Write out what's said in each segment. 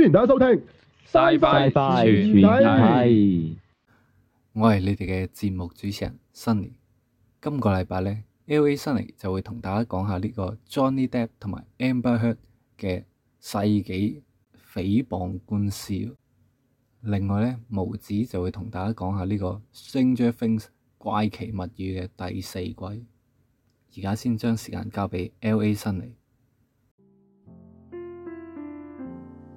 歡迎大家收聽，Sci-Fi 全面睇，我係你哋嘅節目主持人 Sunny，今個禮拜呢，LA 辛尼就會同大家講下呢個 Johnny Depp 同埋 Amber Heard 嘅世紀誹謗官司。另外呢，毛子就會同大家講下呢個 Stranger Things 怪奇物語嘅第四季。而家先將時間交畀 LA 辛尼。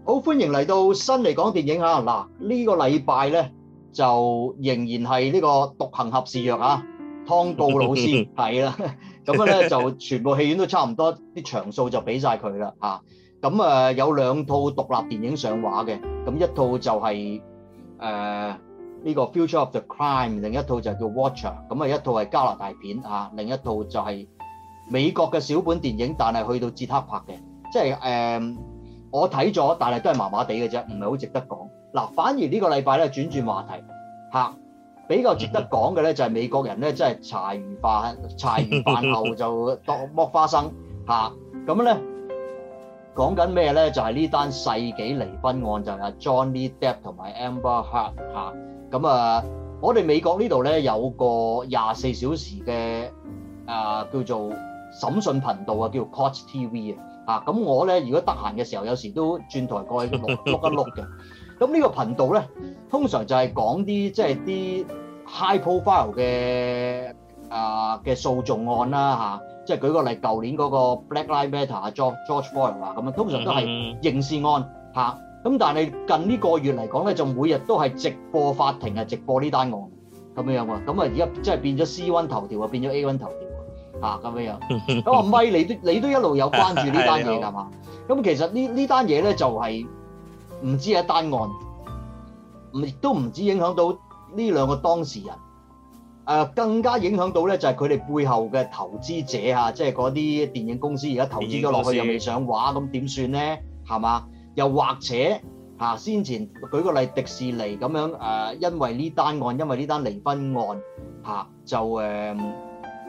好，歡迎嚟到辛尼講電影啊。嗱，呢個禮拜咧就仍然係呢個獨行俠是弱啊，湯道老師係啦， 咁咧就全部戲院都差唔多啲場數就俾晒佢啦啊！咁啊有兩套獨立電影上畫嘅，咁一套就係誒呢個 Future of the Crime，另一套就叫 Watcher，咁啊一套係加拿大片啊，另一套就係美國嘅小本電影，但係去到捷克拍嘅，即係誒。我睇咗，但係都係麻麻地嘅啫，唔係好值得講。嗱，反而這個禮呢個禮拜咧轉轉話題嚇、啊，比較值得講嘅咧就係美國人咧，真係茶餘飯茶餘飯後就當剝花生嚇。咁咧講緊咩咧？就係呢單世紀離婚案就係、是、Johnny Depp 同埋 Amber Heard、啊、嚇。咁啊，我哋美國呢度咧有個廿四小時嘅啊叫做審訊頻道啊，叫做《Court TV 啊。啊，咁我咧如果得閒嘅時候，有時都轉台過去 look 一 look 嘅。咁呢個頻道咧，通常就係講啲即係啲 high profile 嘅啊嘅訴訟案啦嚇，即係舉個例，舊年嗰個 Black Lives Matter 啊，George George Floyd 啊咁啊，通常都係刑事案嚇。咁但係近呢個月嚟講咧，就每日都係直播法庭啊，直播呢單案咁樣樣喎。咁啊，而家即係變咗 C one 頭條啊，變咗 A one 頭條。啊咁嘅樣，咁阿咪，你都你都一路有關注呢單嘢㗎嘛？咁其實呢呢單嘢咧就係唔止係一單案，唔亦都唔止影響到呢兩個當事人。誒，更加影響到咧就係佢哋背後嘅投資者嚇，即係嗰啲電影公司而家投資咗落去又未上畫，咁點算咧？係嘛？又或者嚇先前舉個例迪士尼咁樣誒，因為呢單案，因為呢單離婚案嚇就誒。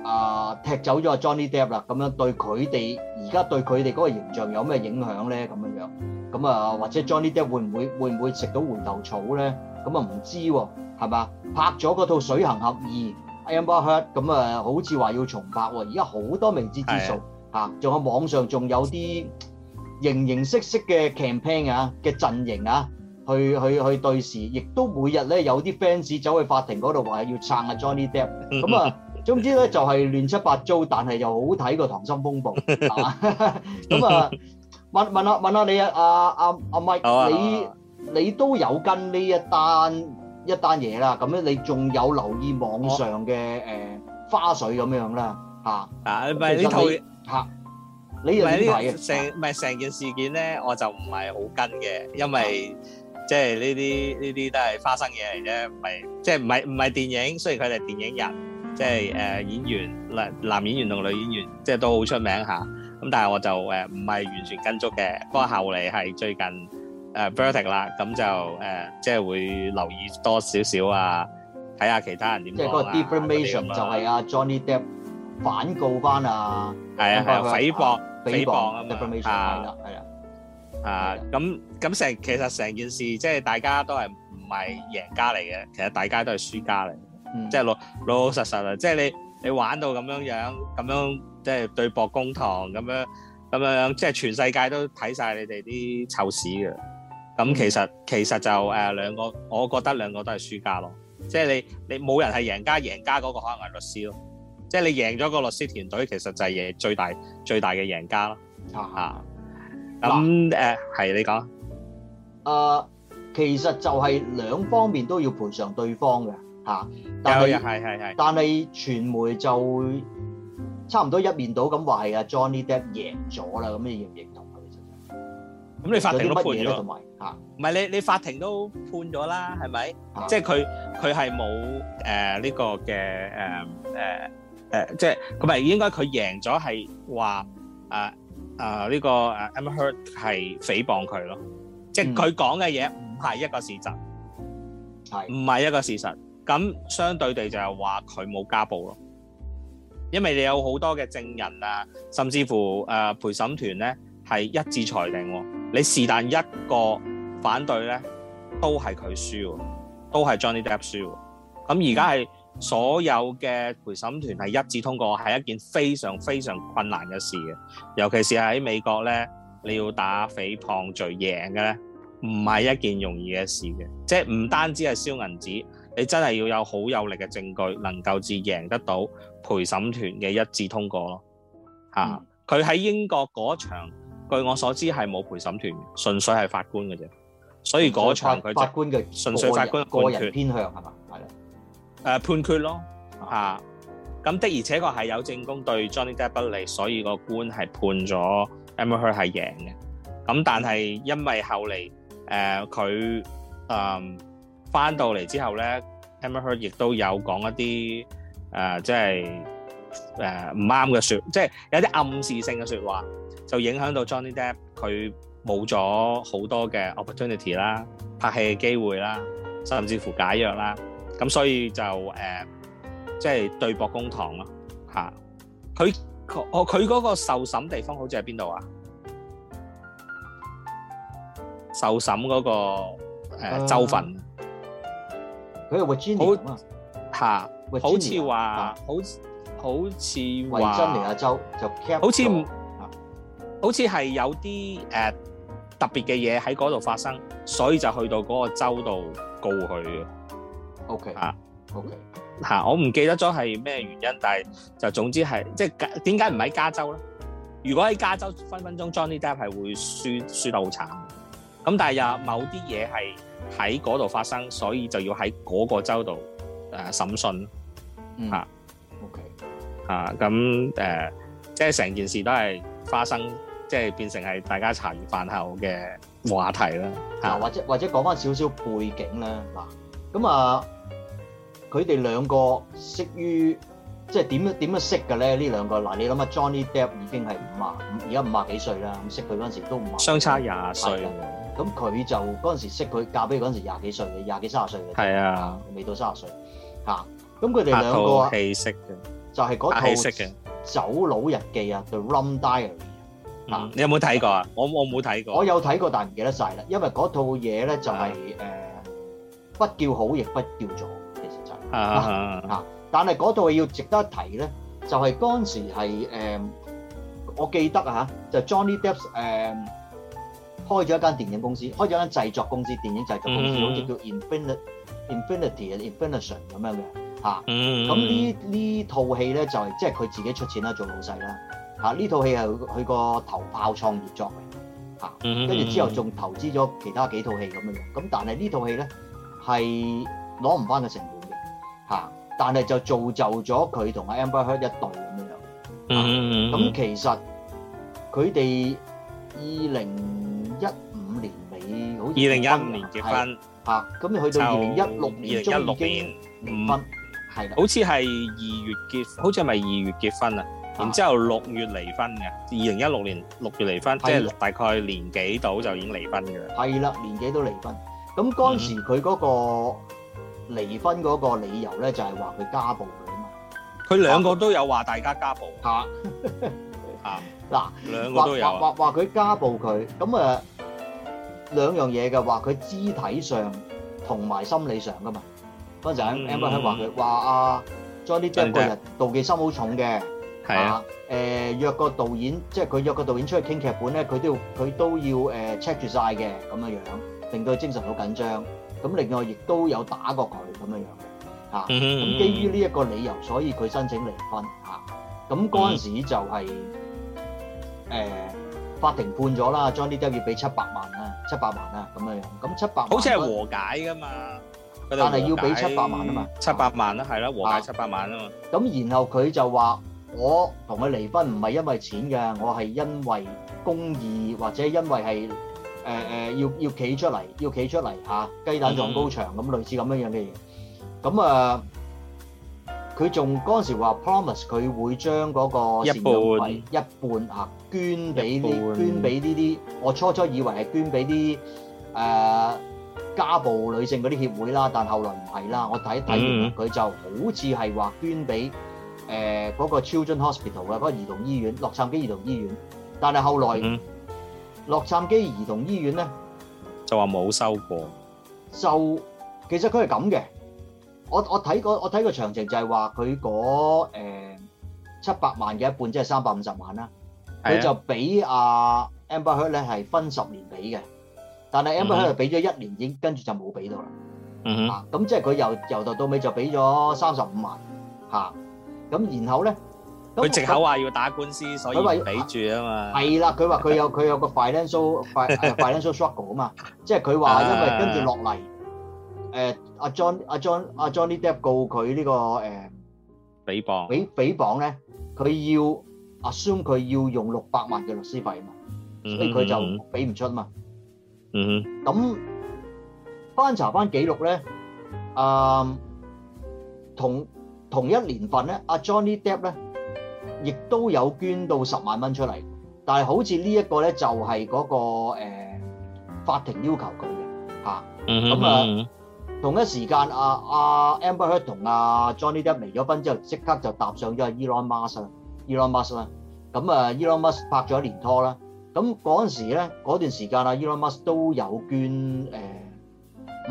啊！踢走咗阿 Johnny Depp 啦，咁樣對佢哋而家對佢哋嗰個形象有咩影響咧？咁樣樣，咁啊，或者 Johnny Depp 會唔會會唔會食到回頭草咧？咁啊，唔知喎，係嘛？拍咗嗰套《水行俠二》，Amber Heard，咁啊，好似話要重拍喎。而家好多未知之數啊，仲喺網上仲有啲形形色色嘅 campaign 啊，嘅陣營啊，去去去對峙，亦都每日咧有啲 fans 走去法庭嗰度話要撐阿 Johnny Depp，咁啊～總之咧就係亂七八糟，但係又好睇過溏心風暴，咁啊問問啊問啊你啊阿阿阿 Mike，你你都有跟呢一單一單嘢啦，咁咧你仲有留意網上嘅誒花絮咁樣咧？吓吓咪呢套吓，咪呢成咪成件事件咧，我就唔係好跟嘅，因為即係呢啲呢啲都係花生嘢嚟啫，唔係即係唔係唔係電影，雖然佢哋係電影人。即係誒演員男男演員同女演員，即係都好出名嚇。咁但係我就誒唔係完全跟足嘅。不過後嚟係最近誒 verdict 啦，咁就誒即係會留意多少少啊，睇下其他人點講啦。即係個 defamation 就係阿 Johnny Depp 反告翻阿係啊，誒誹謗誹謗啊嘛，係啦係啦。啊咁咁成其實成件事即係大家都係唔係贏家嚟嘅，其實大家都係輸家嚟。即係老老老實實啦，即係你你玩到咁樣樣，咁樣即係對簿公堂咁樣，咁樣即係全世界都睇晒你哋啲臭屎嘅。咁其實其實就誒兩個，我覺得兩個都係輸家咯。即係你你冇人係贏家，贏家嗰個可能係律師咯。即係你贏咗個律師團隊，其實就係贏最大最大嘅贏家咯。咁誒係你講，啊，其實就係兩方面都要賠償對方嘅。嚇！但係，係係係，但係傳媒就會差唔多一面倒咁話係阿 Johnny Depp 贏咗啦。咁你認唔認同佢？其實，咁你法庭都判咗嚇，同埋唔係你你法庭都判咗啦，係咪？即係佢佢係冇誒呢個嘅誒誒誒，即係佢咪應該佢贏咗係話誒誒呢個誒 Amber Heard 係誹謗佢咯，即係佢講嘅嘢唔係一個事實，係唔係一個事實？咁相對地就係話佢冇家暴咯，因為你有好多嘅證人啊，甚至乎誒、啊、陪審團咧係一致裁定，你是但一個反對咧都係佢輸，都係 Johnny Depp 輸。咁而家係所有嘅陪審團係一致通過，係一件非常非常困難嘅事嘅。尤其是喺美國咧，你要打誹謗罪贏嘅咧，唔係一件容易嘅事嘅，即係唔單止係燒銀紙。你真係要有好有力嘅證據，能夠至贏得到陪審團嘅一致通過咯。佢、嗯、喺英國嗰場，據我所知係冇陪審團嘅，純粹係法官嘅啫。所以嗰場佢法官嘅純粹法官，官個，人個人偏向係嘛？係啦。誒、呃、判決咯咁、啊啊、的而且確係有證供對 Johnny Depp 不利，所以個官係判咗 Amber Heard 係贏嘅。咁但係因為後嚟佢、呃翻到嚟之後咧，Amber Heard 亦都有講一啲誒，即係誒唔啱嘅説，即係有啲暗示性嘅説話，就影響到 Johnny Depp 佢冇咗好多嘅 opportunity 啦、拍戲嘅機會啦，甚至乎解約啦。咁所以就誒，即係對簿公堂咯嚇。佢哦佢嗰個受審地方好似喺邊度啊？受審嗰個誒州份。佢又話專業吓，好似話，好，好似話，維珍尼亞州就好似唔，好似係有啲誒、呃、特別嘅嘢喺嗰度發生，所以就去到嗰個州度告佢。O K，吓，O K，吓，我唔記得咗係咩原因，但係就總之係即係點解唔喺加州咧？如果喺加州，分分鐘 Johnny Depp 係會輸輸得好慘。咁但係又某啲嘢係。喺嗰度發生，所以就要喺嗰個州度誒審訊嚇。OK、嗯、嚇，咁誒、嗯呃，即係成件事都係發生，即係變成係大家茶餘飯後嘅話題啦。啊，或者或者講翻少少背景啦。嗱，咁啊，佢哋兩個適於識於即係點樣點樣識嘅咧？呢兩個嗱，你諗下 Johnny Depp 已經係五啊，而家五啊幾歲啦？咁識佢嗰陣時都五啊，相差廿歲。歲咁佢就嗰陣時識佢，嫁俾嗰陣時廿幾歲嘅，廿幾三十歲嘅，係啊，未到三十歲嚇。咁佢哋兩個啊，拍套戲識嘅，就係嗰套《走佬日記》啊，《The Rum Diary》啊。嗯，你有冇睇過啊？我我冇睇過。我有睇過，但唔記得曬啦。因為嗰套嘢咧就係誒不叫好亦不叫咗，其實就係啊啊啊！嗱，但係嗰套要值得一提咧，就係嗰陣時係誒，我記得啊嚇，就 Johnny Depp 誒。開咗一間電影公司，開咗一間製作公司，電影製作公司、嗯、好似叫 Infinity, Infinity、嗯、Infinity Invention 咁樣嘅嚇。咁呢呢套戲咧就係、是、即係佢自己出錢啦，做老細啦嚇。呢、啊、套戲係佢個頭炮創業作嘅。嚇、啊，跟住之後仲投資咗其他幾套戲咁樣。咁但係呢套戲咧係攞唔翻個成本嘅嚇，但係、啊、就造就咗佢同阿 Amber Heard 一對咁樣。咁、啊嗯嗯啊、其實佢哋二零。二零一五年結婚嚇，咁你去到二零一六年一六年五，好似係二月結，好似係咪二月結婚，嗯、好像是二月結婚啊？然之後六月離婚嘅，二零一六年六月離婚，即係、啊就是、大概年幾到就已經離婚嘅、啊。係啦、啊，年幾都離婚？咁當時佢嗰個離婚嗰個理由咧，就係話佢家暴佢啊嘛。佢兩個都有話大家家暴。嚇嚇嗱，兩、啊 啊、個都有話話佢家暴佢咁啊。兩樣嘢嘅話，佢肢體上同埋心理上噶嘛？嗰陣 Amber 係話佢話啊，Johnny Depp 個人妒忌心好重嘅，係啊，誒約個導演，即係佢約個導演出嚟傾劇本咧，佢都要佢都要誒 check 住晒嘅咁樣樣，令到佢精神好緊張。咁另外亦都有打過佢咁樣樣嘅，嚇、啊。咁、嗯嗯、基於呢一個理由，所以佢申請離婚嚇。咁嗰陣時就係、是、誒、嗯呃、法庭判咗啦，Johnny Depp 要俾七百萬啦。七百萬啊，咁樣樣，咁七百萬，好似係和解噶嘛，但係要俾七百萬啊嘛，七百萬啦，係啦，和解七百萬啊嘛。咁然後佢就話：我同佢離婚唔係因為錢嘅，我係因為公義或者因為係誒誒要要企出嚟，要企出嚟嚇，雞蛋撞高牆咁類似咁樣樣嘅嘢。咁啊，佢仲嗰陣時話 promise 佢會將嗰個一半一半啊。捐俾啲捐俾呢啲，我初初以為係捐俾啲誒家暴女性嗰啲協會啦，但後來唔係啦，我睇睇完佢就好似係話捐俾誒嗰個 Children Hospital 嘅嗰個兒童醫院，洛杉磯兒童醫院，但係後來洛杉磯兒童醫院咧就話冇收過，就其實佢係咁嘅，我我睇過我睇個詳情就係話佢嗰誒七百萬嘅一半，即係三百五十萬啦。佢就俾阿 Amber Heard 咧係分十年俾嘅，但係 Amber Heard 就俾咗一年已經，跟住就冇俾到啦。嗯哼，咁即係佢由由頭到尾就俾咗三十五萬，嚇。咁然後咧，佢藉口話要打官司，所以俾住啊嘛。係啦，佢話佢有佢有個 financial financial struggle 啊嘛，即係佢話因為跟住落嚟，誒阿 John 阿 John 阿 Johnny Depp 告佢呢個誒，俾磅俾俾磅咧，佢要。阿孫佢要用六百萬嘅律師費嘛，所以佢就俾唔出嘛。嗯哼，咁翻查翻記錄咧，誒同同一年份咧，阿 Johnny Depp 咧亦都有捐到十萬蚊出嚟，但係好似呢一個咧就係嗰個誒法庭要求佢嘅嚇。嗯哼，咁啊同一時間，阿阿 Amber Heard 同阿 Johnny Depp 離咗婚之後，即刻就搭上咗阿 Elon Musk。Elon Musk 啦，咁啊 Elon Musk 拍咗一年拖啦，咁嗰陣時咧，嗰段時間啦，Elon Musk 都有捐誒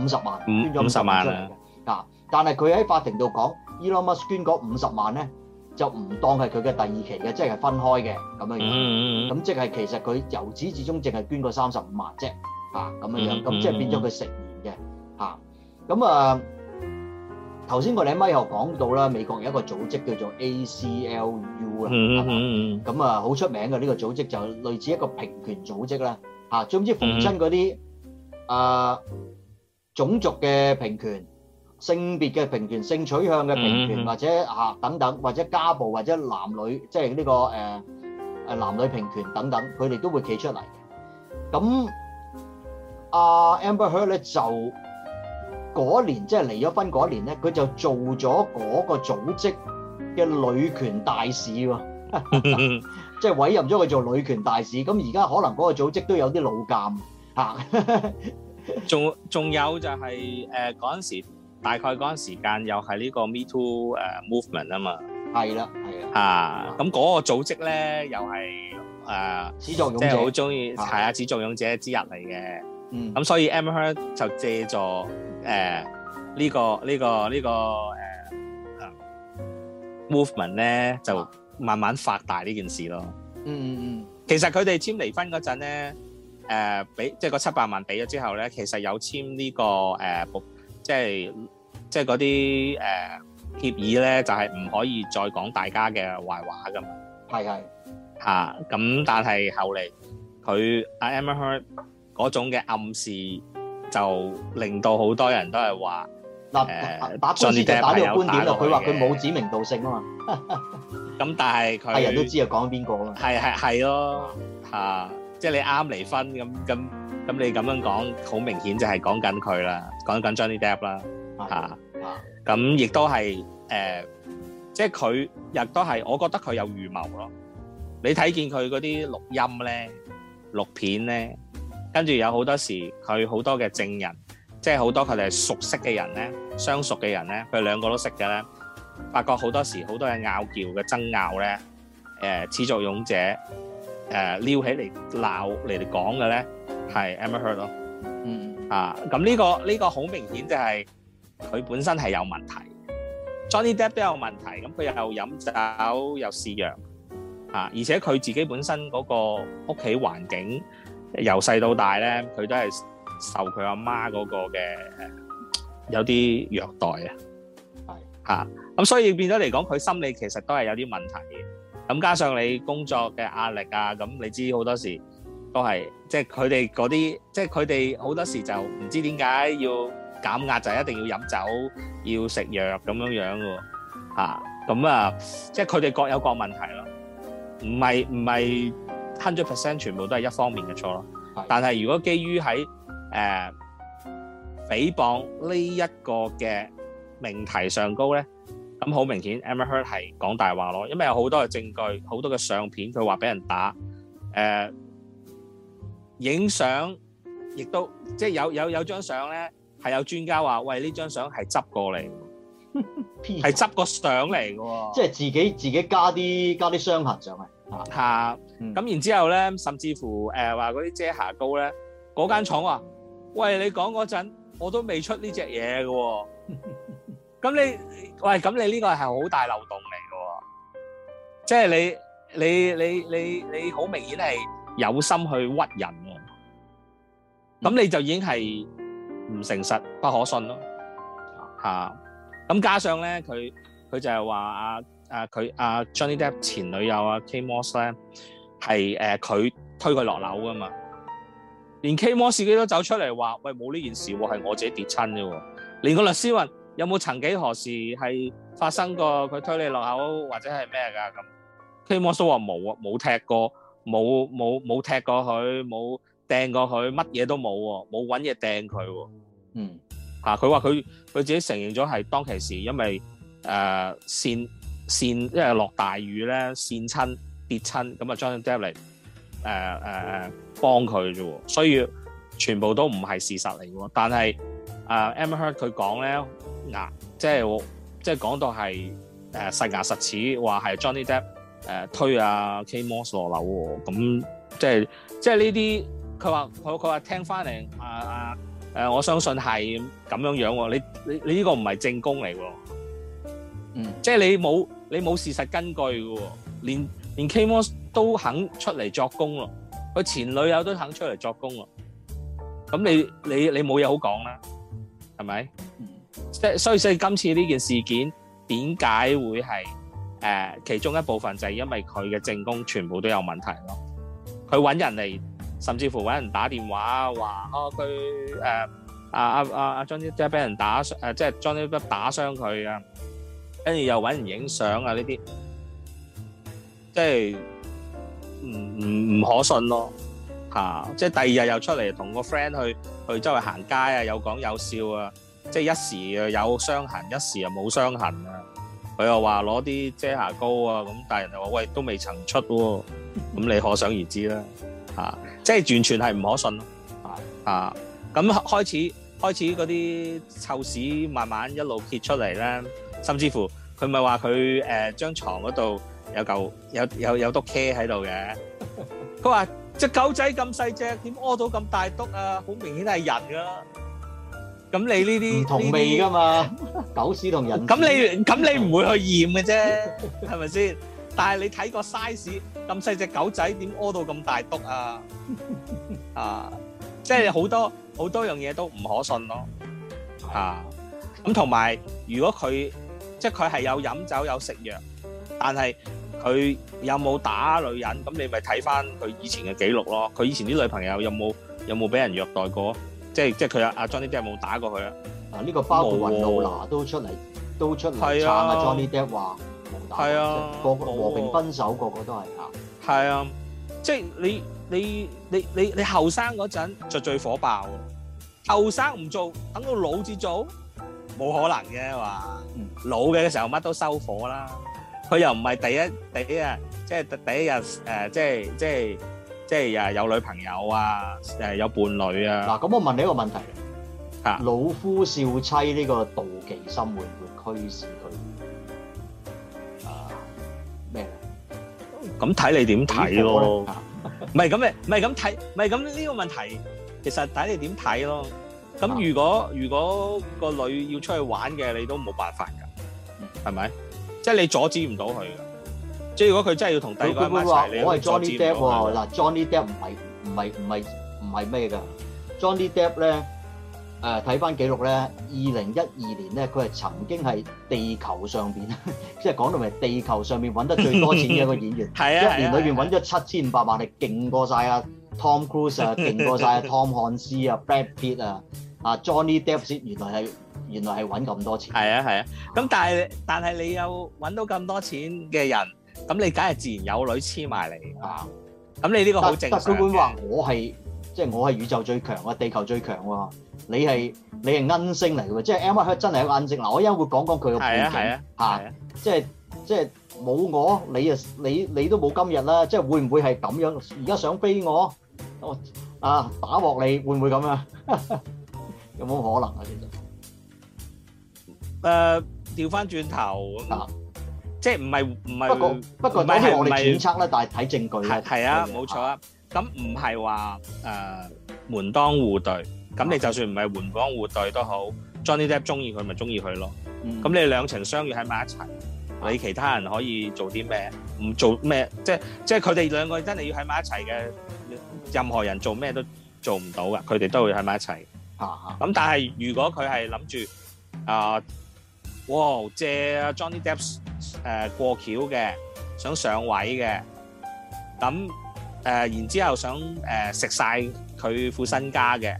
五十萬，捐咗五十萬出嚟嘅，啊！但係佢喺法庭度講，Elon Musk 捐嗰五十萬咧，就唔當係佢嘅第二期嘅，即係分開嘅咁樣樣，咁即係其實佢由始至終淨係捐過三十五萬啫，嚇咁樣樣，咁即係變咗佢食言嘅，嚇，咁啊。頭先我哋喺咪後講到啦，美國有一個組織叫做 ACLU 啦，係嘛？咁啊，好出名嘅呢個組織就類似一個平權組織啦，嚇，總之逢親嗰啲啊種族嘅平權、性別嘅平權、性取向嘅平權，或者嚇等等，或者家暴，或者男女，即係呢個誒誒男女平權等等，佢哋都會企出嚟嘅。咁阿 Amber Heard 咧就～嗰年即係離咗婚嗰年咧，佢就做咗嗰個組織嘅女權大使喎，即 係 委任咗佢做女權大使。咁而家可能嗰個組織都有啲老尷吓，仲 仲有就係誒嗰陣時，大概嗰陣時間又係呢個 Me Too 誒 movement 啊嘛，係啦係啊，啊咁嗰個組織咧、嗯、又係誒，即係好中意係啊，始作俑者，就係、者之一嚟嘅，嗯，咁所以 Amber Heard 就借助。誒、呃，這個這個這個呃、呢個呢個呢個誒，movement 咧就慢慢發大呢件事咯。嗯嗯嗯。其實佢哋簽離婚嗰陣咧，誒、呃，俾即係個七百萬俾咗之後咧，其實有簽呢、這個誒、呃，即係即係嗰啲誒協議咧，就係、是、唔可以再講大家嘅壞話噶嘛。係、嗯、係。吓、嗯，咁、啊、但係後嚟佢阿 Amber Heard 嗰種嘅暗示。就令到好多人都係話，嗱，打官司打呢個觀點咯，佢話佢冇指名道姓啊嘛。咁但係佢係人都知啊，講邊個啊？係係係咯，吓，即係你啱離婚咁咁咁，你咁樣講，好明顯就係講緊佢啦，講緊 Johnny Depp 啦，吓，咁亦都係誒，即係佢亦都係，我覺得佢有預謀咯。你睇見佢嗰啲錄音咧、錄片咧？跟住有好多時，佢好多嘅證人，即係好多佢哋係熟悉嘅人咧，相熟嘅人咧，佢兩個都識嘅咧，發覺好多時好多嘅拗撬嘅爭拗咧，誒始作俑者誒撩起嚟鬧嚟嚟講嘅咧，係 Amber Heard 咯，嗯啊，咁呢個呢個好明顯就係佢本身係有問題，Johnny Depp 都有問題，咁佢又飲酒又試藥，啊，而且佢自己本身嗰個屋企環境。由細到大咧，佢都係受佢阿媽嗰個嘅有啲虐待啊。係吓，咁所以變咗嚟講，佢心理其實都係有啲問題嘅。咁加上你工作嘅壓力啊，咁你知好多時都係即係佢哋嗰啲，即係佢哋好多時就唔知點解要減壓就一定要飲酒，要食藥咁樣樣嘅。吓，咁啊，即係佢哋各有各問題咯，唔係唔係。hundred percent 全部都係一方面嘅錯咯，但係如果基於喺誒誹謗呢一個嘅命題上高咧，咁好明顯 Amber Heard 係講大話咯，因為有好多嘅證據好多嘅相片，佢話俾人打誒影、呃、相，亦都 即係有有有張相咧係有專家話喂呢張相係執過嚟，係執個相嚟嘅喎即係自己自己加啲加啲傷痕上嚟。吓、啊，咁然之後咧，甚至乎誒話嗰啲遮瑕膏咧，嗰間廠話，喂你講嗰陣，我都未出呢隻嘢㗎喎。咁 你，喂，咁你呢個係好大漏洞嚟㗎喎，即係你你你你你好明顯係有心去屈人嘅。咁你就已經係唔誠實、不可信咯。嚇、啊，咁加上咧，佢佢就係話啊。啊！佢阿、啊、Johnny Depp 前女友啊，Kate Moss 咧，係誒佢推佢落樓噶嘛？連 Kate Moss 自己都走出嚟話：，喂，冇呢件事喎，係我自己跌親啫。喎，連個律師問：有冇曾幾何時係發生過佢推你落樓或者係咩噶？咁 Kate Moss 都話冇啊，冇踢過，冇冇冇踢過佢，冇掟過佢，乜嘢都冇喎，冇揾嘢掟佢。嗯，吓佢話佢佢自己承認咗係當其時，因為誒、呃、線。線即係落大雨咧，線親跌親，咁啊 Johnny Depp 誒誒、呃呃、幫佢啫喎，所以全部都唔係事實嚟嘅。但係、呃、啊 Amber Heard 佢講咧即係即係講到係實牙實齒，話係 Johnny Depp 推啊 K 摩絲落樓喎，咁、啊、即係即係呢啲佢話佢佢話聽翻嚟啊啊我相信係咁樣樣喎。你你你呢個唔係正宮嚟喎，嗯，即係你冇。你冇事實根據嘅，連連 K Moss 都肯出嚟作供咯，佢前女友都肯出嚟作供咯，咁你你你冇嘢好講啦，係咪？即、嗯、所以所以,所以今次呢件事件點解會係、呃、其中一部分就係因為佢嘅證供全部都有問題咯，佢揾人嚟，甚至乎揾人打電話話哦，佢誒、呃、啊啊啊 Johnny 即係俾人打傷誒，即係 Johnny Depp 打傷佢啊！跟住又揾人影相啊！呢啲即係唔唔唔可信咯，嚇、即係第二日又出嚟同個 friend 去去周圍行街啊，有講有笑啊，即係一時啊有傷痕，一時又冇傷痕啊。佢又話攞啲遮瑕膏啊，咁但係人又話喂都未曾出喎、啊，咁你可想而知啦、嚇啊，即係完全係唔可信咯、嚇，咁、啊、開始開始嗰啲臭屎慢慢一路揭出嚟咧。甚至乎佢咪話佢誒張牀嗰度有嚿有有有篤茄喺度嘅，佢話隻狗仔咁細隻，點屙到咁大篤啊？好明顯係人㗎，咁你呢啲唔同味㗎嘛？狗屎同人，咁你咁你唔會去驗嘅啫，係咪先？但係你睇個 size 咁細隻狗仔，點屙到咁大篤啊？啊，即係好多好多樣嘢都唔可信咯。啊，咁同埋如果佢。即係佢係有飲酒有食藥，但係佢有冇打女人？咁你咪睇翻佢以前嘅記錄咯。佢以前啲女朋友有冇有冇俾人虐待過？即係即係佢阿阿 Johnny Depp 有冇打過佢啊？嗱，呢個包括雲露娜都出嚟，哦，都出嚟撐阿 Johnny Depp 話冇打。係啊，個個、哦、和平分手，個個都係吓。係、哦、啊、即、就、係、是、你你你你你，你，你後生嗰陣就最火爆，後生唔做，等到老至做。冇可能嘅話，老嘅嘅時候乜都收火啦。佢又唔係第一第一，即係第一日誒，即係即係即係又係有女朋友啊，誒有伴侶啊。嗱，咁我問你一個問題，吓老夫少妻呢個妒忌心會唔會驅使佢啊咩？咁睇你點睇咯？唔係咁嘅，唔係咁睇，唔係咁呢個問題，其實睇你點睇咯。咁如果、啊、如果個女要出去玩嘅，你都冇辦法噶，係咪、嗯？即係你阻止唔到佢噶。即係如果佢真係要同第二個妹話我係 Johnny Depp 喎，嗱 Johnny Depp 唔係唔係唔係唔係咩噶？Johnny Depp 咧，誒睇翻記錄咧，二零一二年咧，佢係曾經係地球上邊，即係講到咪地球上面揾 得最多錢嘅一個演員。係 啊，一年裏面揾咗七千八萬，係勁過晒啊！Tom Cruise 啊，勁過曬 Tom 漢斯啊，Brad Pitt 啊，啊 Johnny Depp 先原來係原來係揾咁多錢。係啊係啊，咁但係但係你又揾到咁多錢嘅人，咁你梗係自然有女黐埋嚟啊。咁你呢個好正常。根本話我係即係我係宇宙最強喎，地球最強喎。你係你係恩星嚟嘅喎，即係 Amber 真係一個恩星。嗱，我一陣會講講佢嘅背景吓，即係即係冇我你啊你你都冇今日啦。即係會唔會係咁樣？而家想飛我？啊！打鑊你會唔會咁啊？ 有冇可能啊？其實誒，調翻轉頭啊，即係唔係唔係不過不過，當然我哋揣測咧，但係睇證據咧，係啊，冇錯啊。咁唔係話誒門當戶對，咁、啊、你就算唔係門當戶對都好，Johnny Depp 中意佢咪中意佢咯。咁、嗯、你兩情相悅喺埋一齊、啊，你其他人可以做啲咩？唔、啊、做咩、啊？即係即係佢哋兩個真係要喺埋一齊嘅。任何人做咩都做唔到㗎，佢哋都會喺埋一齊。咁、啊啊嗯、但係如果佢係諗住啊，哇借 Johnny Depp 誒、呃、過橋嘅，想上位嘅，咁、嗯、誒、呃、然之後想誒食晒佢副身家嘅，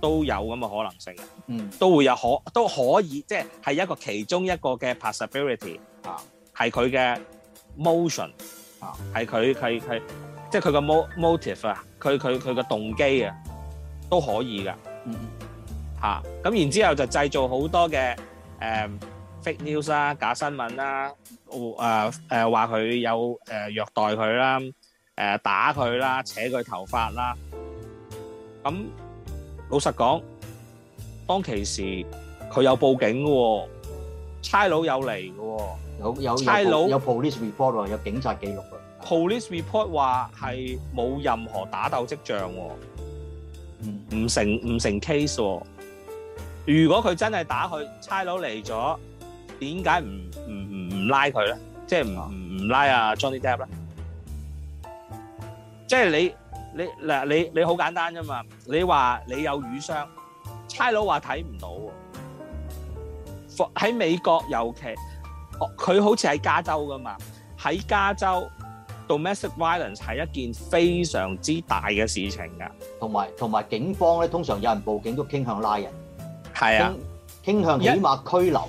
都有咁嘅可能性嘅、嗯。都會有可都可以，即係係一個其中一個嘅 possibility 啊，係佢嘅 motion 啊，係佢佢佢。即係佢個 motive 啊，佢佢佢個動機啊，都可以噶，吓嗯，咁、嗯啊、然之後就製造好多嘅誒 fake news 啦，假新聞啦，誒誒話佢有誒虐待佢啦，誒打佢啦，扯佢頭髮啦，咁、啊、老實講，當其時佢有報警嘅，差佬有嚟嘅，有有有有 police report 喎，有警察記錄。Police report 話係冇任何打鬥跡象喎，唔成唔成 case 喎。如果佢真係打佢差佬嚟咗，點解唔唔唔唔拉佢咧？即係唔唔唔拉啊 Johnny Depp 咧？即、啊、係、就是、你你嗱你你好簡單啫嘛？你話你有瘀傷，差佬話睇唔到喎、啊。喺美國尤其，佢好似喺加州㗎嘛？喺加州。Domestic violence 係一件非常之大嘅事情噶，同埋同埋警方咧，通常有人報警都傾向拉人，係啊，傾向起碼拘留，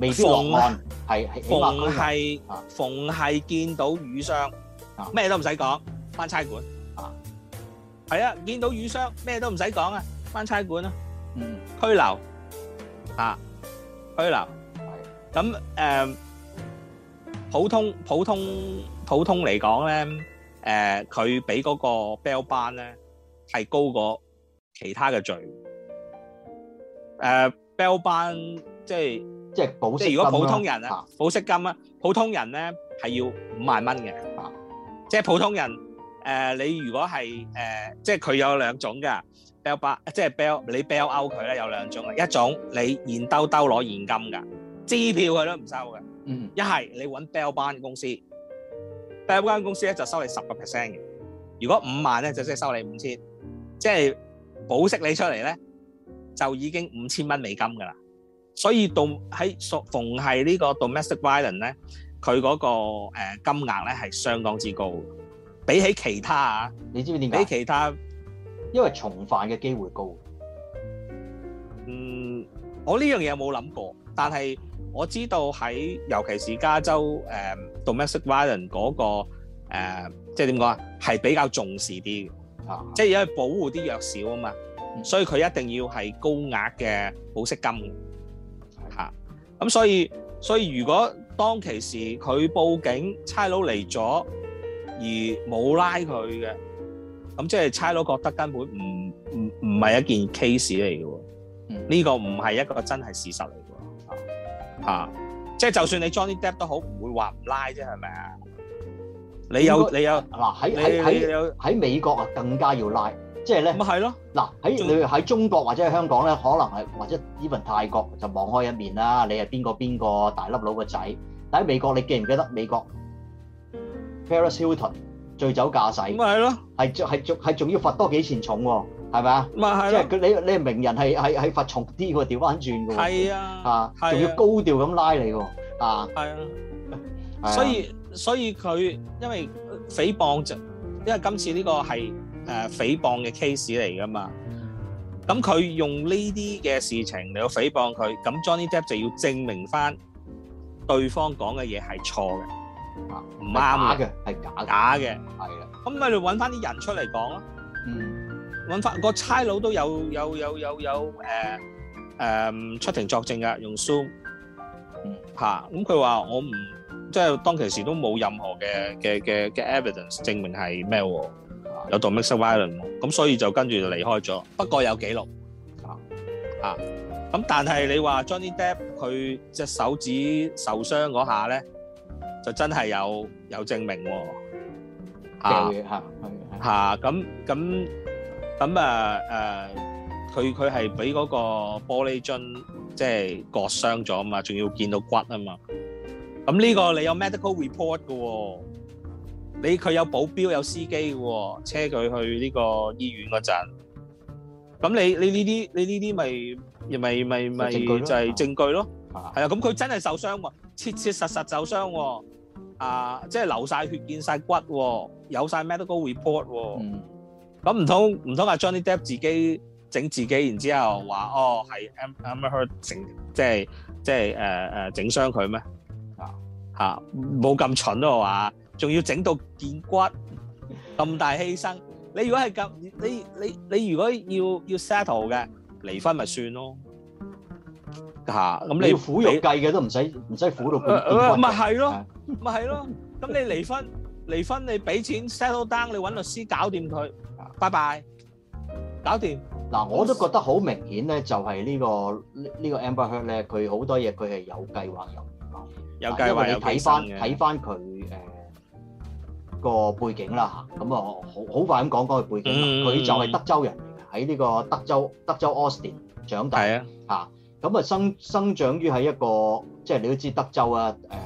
未消落案，係，逢係逢係見到瘀傷，咩、啊、都唔使講，翻差館，係啊，啊，見到瘀傷咩都唔使講啊，翻差館啊，嗯，拘留，啊，拘留，咁誒、啊 uh，普通普通。普通嚟講咧，誒、呃、佢俾嗰個 Bell 班咧係高過其他嘅罪。誒、呃、Bell 班即係即係保，即係如果普通人咧，保釋金啊，普通人咧係要五萬蚊嘅、啊。即係普通人誒、呃，你如果係誒、呃，即係佢有兩種嘅 Bell 班，即係 Bell 你 Bell out 佢咧有兩種啊，一種你現兜兜攞現金㗎，支票佢都唔收嘅。嗯，一係你揾 Bell 班公司。第一間公司咧就收你十個 percent 嘅，如果五萬咧就即係收你五千，即係保釋你出嚟咧，就已經五千蚊美金噶啦。所以到喺逢係呢個 domestic violence 咧，佢嗰個誒金額咧係相當之高，比起其他啊，你知唔知點解？比起其他，為其他因為重犯嘅機會高。嗯，我呢樣嘢有冇諗過？但係。我知道喺尤其是加州誒、呃、domestic violence 嗰、那個誒、呃，即係點講啊？係比較重視啲嘅啊，即、就、係、是、因為保護啲弱小啊嘛、嗯，所以佢一定要係高額嘅保釋金吓，咁、啊、所以所以如果當其時佢報警，差佬嚟咗而冇拉佢嘅，咁即係差佬覺得根本唔唔唔係一件 case 嚟嘅，呢個唔係一個真係事實嚟嘅。吓、啊，即係就算你 Johnny Depp 都好，唔會話唔拉啫，係咪啊？你有你有嗱喺喺喺喺美國啊，更加要拉，即係咧。咁係咯。嗱喺你喺中國或者喺香港咧，可能係或者 even 泰國就網開一面啦。你係邊個邊個大粒佬個仔？但喺美國你記唔記得美國 Paris Hilton 醉酒駕駛？咁係咯，係係係仲要罰多幾錢重喎、啊。係咪咁啊？係佢你你係名人，係係係罰重啲嘅，調翻轉嘅。係啊，係啊，仲、啊、要高調咁拉你喎，係啊。係啊，啊，所以所以佢因為誹謗，就因為今次呢個係誒誹謗嘅 case 嚟噶嘛，咁佢用呢啲嘅事情嚟到誹謗佢，咁 Johnny Depp 就要證明翻對方講嘅嘢係錯嘅，唔啱嘅，係假係假嘅，係啦。咁咪你揾翻啲人出嚟講咯，嗯。揾翻個差佬都有有有有有誒，誒出庭作證嘅，用 Zoom 嚇咁，佢話我唔，即係當其時都冇任何嘅嘅嘅嘅 evidence 證明係咩喎？有道 Mr. Violent 喎，咁所以就跟住就離開咗。不過有記錄啊啊，咁但係你話 Johnny Depp 佢隻手指受傷嗰下咧，就真係有有證明喎嚇嚇嚇咁咁。咁啊，誒，佢佢係俾嗰個玻璃樽即係割傷咗啊嘛，仲要見到骨啊嘛。咁呢個你有 medical report 嘅喎、哦，你佢有保鏢有司機嘅喎、哦，車佢去呢個醫院嗰陣。咁你你呢啲你呢啲咪咪咪咪就係、是就是、證據咯，係啊。咁佢真係受傷喎，切切實實受傷喎。啊，即、就、係、是、流晒血見晒骨，有晒 medical report 喎。嗯咁唔通唔通阿 Johnny Depp 自己整自己，然之後話哦，係 Amber Heard，即係即係誒誒整傷佢咩啊嚇？冇、啊、咁蠢喎，話仲要整到見骨咁大犧牲。你如果係咁，你你你，你如果要要 settle 嘅離婚咪算咯嚇？咁、啊、你，你要苦肉計嘅都唔使唔使苦到見骨、啊。咪係咯，咪係咯。咁 你離婚離婚，你俾錢 settle down，你揾律師搞掂佢。拜拜，搞掂。嗱，我都覺得好明顯咧、這個，就係呢個呢呢個 Amber Heard 咧，佢好多嘢佢係有計劃有計劃，有計劃有計劃。你睇翻睇翻佢誒個背景啦嚇，咁啊好好快咁講講佢背景啦。佢、嗯、就係德州人嚟，喺呢個德州德州 Austin 長大。係啊嚇，咁啊就生生長於喺一個即係、就是，你都知德州啊誒、呃，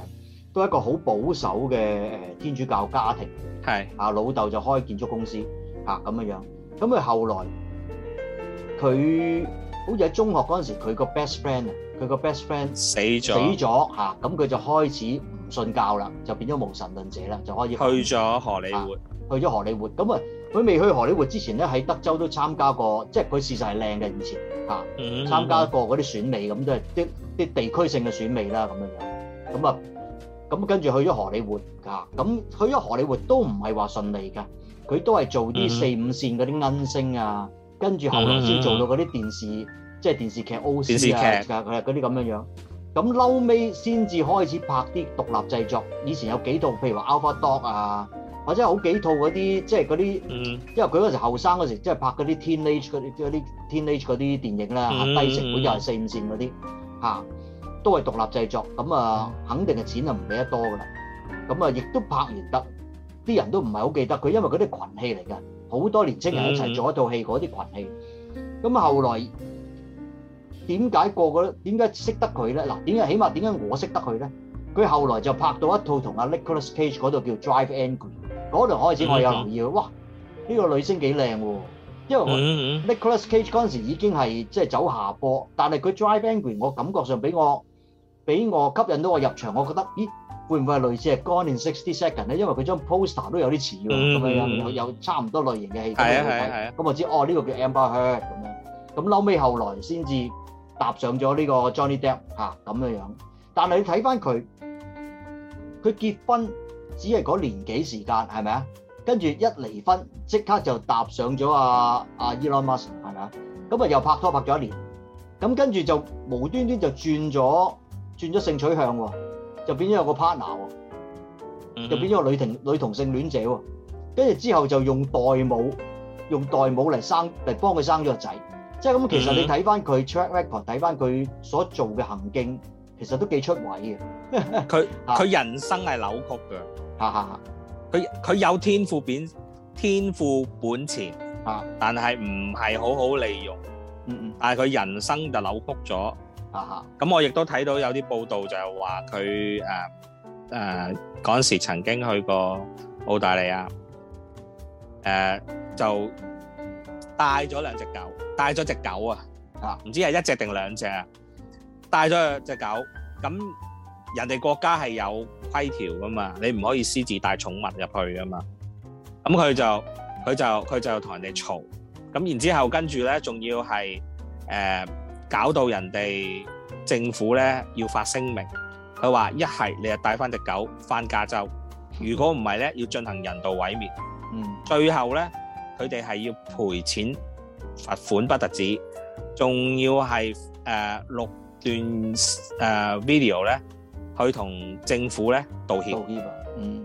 都係一個好保守嘅誒天主教家庭。係啊，老豆就開建築公司。啊，咁嘅樣，咁佢後，後來佢好似喺中學嗰陣時，佢個 best friend，佢個 best friend 死咗，死咗，吓、啊，咁佢就開始唔信教啦，就變咗無神論者啦，就開始去咗荷里活，啊、去咗荷里活。咁啊，佢、啊、未去荷里活之前咧，喺德州都參加過，即係佢事實係靚嘅以前，吓、啊，參加過嗰啲選美，咁即係啲啲地區性嘅選美啦，咁樣，咁啊，咁、啊啊啊、跟住去咗荷里活噶，咁、啊啊、去咗荷里活都唔係話順利噶。佢都係做啲四五線嗰啲鵪鶉啊，mm-hmm. 跟住後來先做到嗰啲電視，mm-hmm. 即係電視劇 O.C. 啊，嗰啲咁樣樣。咁嬲尾先至開始拍啲獨立製作。以前有幾套，譬如話《Alpha Dog》啊，或者好幾套嗰啲，即係嗰啲，mm-hmm. 因為佢嗰陣時後生嗰時，的時候即係拍嗰啲 Teenage 嗰啲、啲 Teenage 啲電影啦，mm-hmm. 低成本又係四五線嗰啲，嚇、啊、都係獨立製作。咁啊，肯定嘅錢就唔俾得多噶啦。咁啊，亦都拍完得。啲人都唔係好記得佢，因為嗰啲群戲嚟㗎，好多年青人一齊做一套戲嗰啲、嗯、群戲。咁後來點解個個點解識得佢咧？嗱，點解起碼點解我識得佢咧？佢後來就拍到一套同阿 Nicolas Cage 嗰度叫 Drive Angry，嗰度開始我有留意佢、嗯。哇，呢個女星幾靚喎，因為 Nicolas Cage 嗰陣時已經係即係走下坡，但係佢 Drive Angry 我感覺上俾我俾我吸引到我入場，我覺得咦～會唔會係類似係《Gone in Sixty Seconds》咧？因為佢張 poster 都有啲似喎，咁樣樣有有差唔多類型嘅戲。係啊係啊。咁我知哦，呢個叫 Amber Heard 咁樣。咁後尾後來先至搭上咗呢個 Johnny Depp 吓咁樣樣。但係你睇翻佢，佢結婚只係嗰年幾時間係咪啊？跟住一離婚即刻就搭上咗阿阿 Elon Musk 係咪啊？咁啊又拍拖拍咗一年，咁跟住就無端端就轉咗轉咗性取向喎。就變咗有個 partner 喎，就變咗個女同女同性戀者喎，跟住之後就用代母用代母嚟生嚟幫佢生咗個仔，即係咁。其實你睇翻佢 track record，睇翻佢所做嘅行徑，其實都幾出位嘅。佢 佢人生係扭曲㗎，佢佢有天賦，天賦本錢，但係唔係好好利用，但係佢人生就扭曲咗。啊咁我亦都睇到有啲報道就係話佢誒、誒嗰陣時曾經去過澳大利亞，誒、呃、就帶咗兩隻狗，帶咗隻狗啊，啊，唔知係一隻定兩隻，帶咗隻狗。咁人哋國家係有規條噶嘛，你唔可以私自帶寵物入去噶嘛。咁佢就佢就佢就同人哋嘈。咁然之後跟住咧，仲要係誒。呃搞到人哋政府咧要發聲明，佢話一係你就帶翻隻狗翻加州，如果唔係咧要進行人道毀滅。嗯，最後咧佢哋係要賠錢罰款不特止，仲要係誒錄段誒、呃、video 咧去同政府咧道歉。道歉，嗯，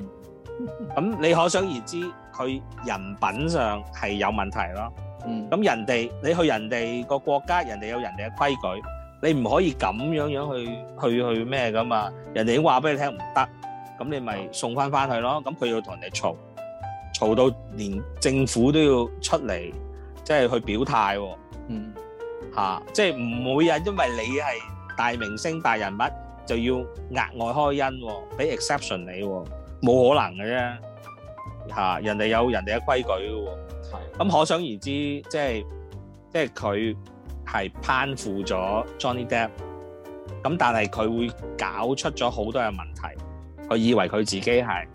咁你可想而知佢人品上係有問題咯。咁、嗯，咁人哋你去人哋個國家，人哋有人哋嘅規矩，你唔可以咁樣樣去去去咩噶嘛？人哋已經話俾你聽唔得，咁你咪送翻翻去咯。咁佢要同人哋嘈嘈到連政府都要出嚟，即係去表態。嗯，吓，即係唔會啊！因為你係大明星大人物，就要額外開恩俾 exception 你喎，冇可能嘅啫。吓，人哋有人哋嘅規矩喎。咁可想而知，即係即係佢係攀附咗 Johnny Depp，咁但係佢會搞出咗好多嘅問題。佢以為佢自己係，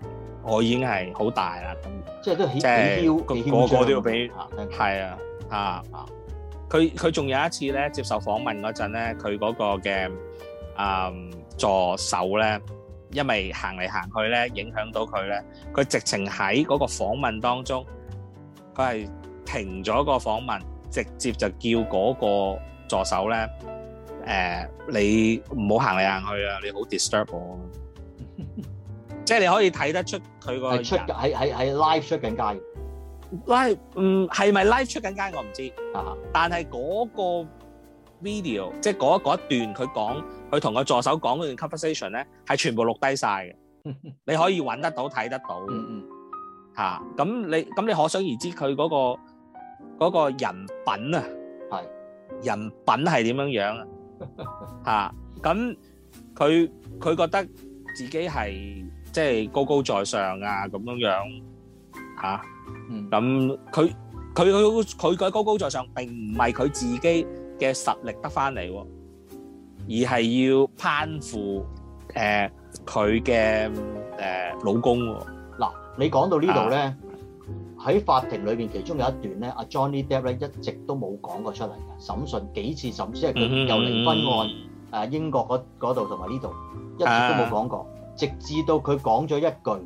我已經係好大啦，咁即係都起起個個，個個都要俾，係啊，啊啊！佢佢仲有一次咧，接受訪問嗰陣咧，佢嗰個嘅啊、嗯、助手咧，因為行嚟行去咧影響到佢咧，佢直情喺嗰個訪問當中。佢係停咗個訪問，直接就叫嗰個助手咧，誒、呃，你唔好行嚟行去啊！你好 disturb 我，啊。 即係你可以睇得出佢個係出喺喺喺 live 出緊街。live 嗯係咪 live 出緊街我唔知啊，但係嗰個 video 即係嗰一段佢講佢同個助手講嗰段 conversation 咧係全部錄低晒嘅，你可以揾得到睇得到。看得到嗯嗯吓咁你咁你可想而知佢嗰個嗰個人品啊，係人品係點樣樣啊？吓咁佢佢覺得自己係即係高高在上啊，咁樣樣吓，咁佢佢佢佢喺高高在上，並唔係佢自己嘅實力得返嚟，而係要攀附，誒，佢嘅誒老公。你講到呢度咧，喺法庭裏邊，其中有一段咧，阿 Johnny Depp 咧一直都冇講過出嚟嘅審訊，幾次審，即係佢有離婚案，誒英國嗰嗰度同埋呢度，一直都冇講過，直至到佢講咗一句，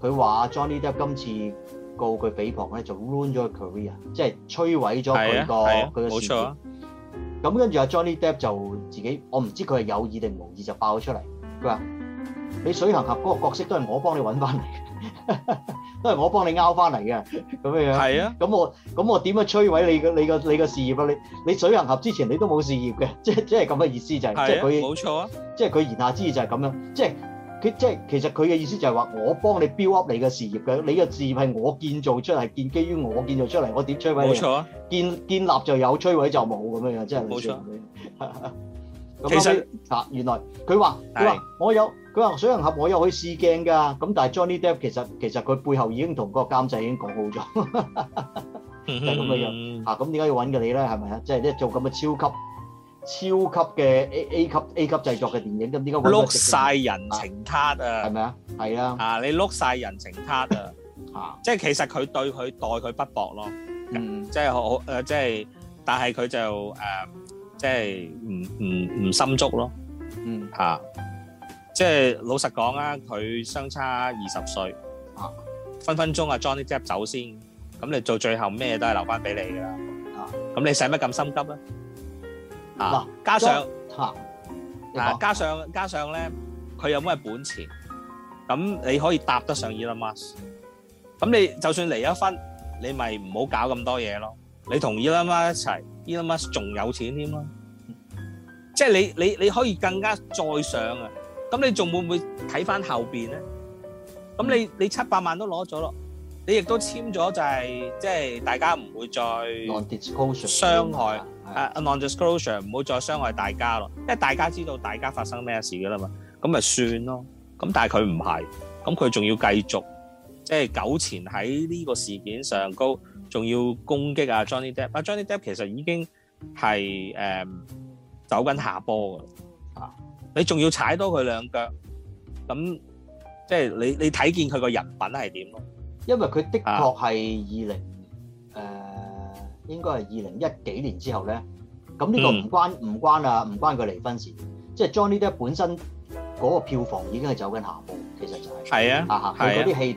佢話 Johnny Depp 今次告佢誹謗咧就 ruin 咗佢 career，即係摧毀咗佢個佢嘅事業。咁跟住阿 Johnny Depp 就自己，我唔知佢係有意定無意就爆咗出嚟，佢話：你水行俠嗰個角色都係我幫你揾翻嚟。 都係我幫你拗翻嚟嘅咁樣，係啊。咁我咁我點樣摧毀你嘅你嘅你嘅事業啊？你你水行俠之前你都冇事業嘅，即係即係咁嘅意思就係、是啊，即係佢冇錯啊。即係佢言下之意就係咁樣，即係佢即係其實佢嘅意思就係話，我幫你 build up 你嘅事業嘅，你嘅事業係我建造出嚟，建基於我建造出嚟，我點摧毀你？冇錯啊。建建立就有，摧毀就冇咁樣嘅，即係冇錯、啊。 其實啊，原來佢話佢話我有佢話水銀盒，我有去試鏡噶。咁但係 Johnny Depp 其實其實佢背後已經同個監製已經講好咗， 就係咁嘅樣、嗯。啊，咁點解要揾嘅你咧？係咪啊？即係咧，做咁嘅超級超級嘅 A A 級 A 級製作嘅電影，咁點解會碌晒人情卡啊？係咪啊？係啊！啊，你碌晒人情卡啊！啊，啊啊啊 即係其實佢對佢待佢不薄咯。嗯，即係好誒，即係、呃、但係佢就誒。呃即係唔唔唔心足咯，嗯吓，即係老實講啊，佢相差二十歲，啊分分鐘啊 Johnny Depp 走先，咁你做最後咩都係留翻俾你噶啦，啊咁你使乜咁心急咧？啊加上吓，嗱加上加上咧，佢有咩本錢？咁你可以搭得上 Elon Musk？咁你就算離咗婚，你咪唔好搞咁多嘢咯。你同 Elon Musk 一齊？Musk 仲有錢添咯，即係你你你可以更加再上啊！咁你仲會唔會睇翻後邊咧？咁你你七百萬都攞咗咯，你亦都簽咗就係、是、即係大家唔會再傷害啊！non disclosure 唔會再傷害大家咯，因為大家知道大家發生咩事噶啦嘛，咁咪算咯。咁但係佢唔係，咁佢仲要繼續即係糾纏喺呢個事件上高。仲要攻擊啊，Johnny Depp 啊，Johnny Depp 其實已經係誒、嗯、走緊下坡嘅啦，啊！你仲要踩多佢兩腳，咁即係你你睇見佢個人品係點咯？因為佢的確係二零誒，應該係二零一幾年之後咧，咁呢個唔關唔、嗯、關啊，唔關佢離婚事。即係 Johnny Depp 本身嗰個票房已經係走緊下坡，其實就係、係、係啊，佢嗰啲戲。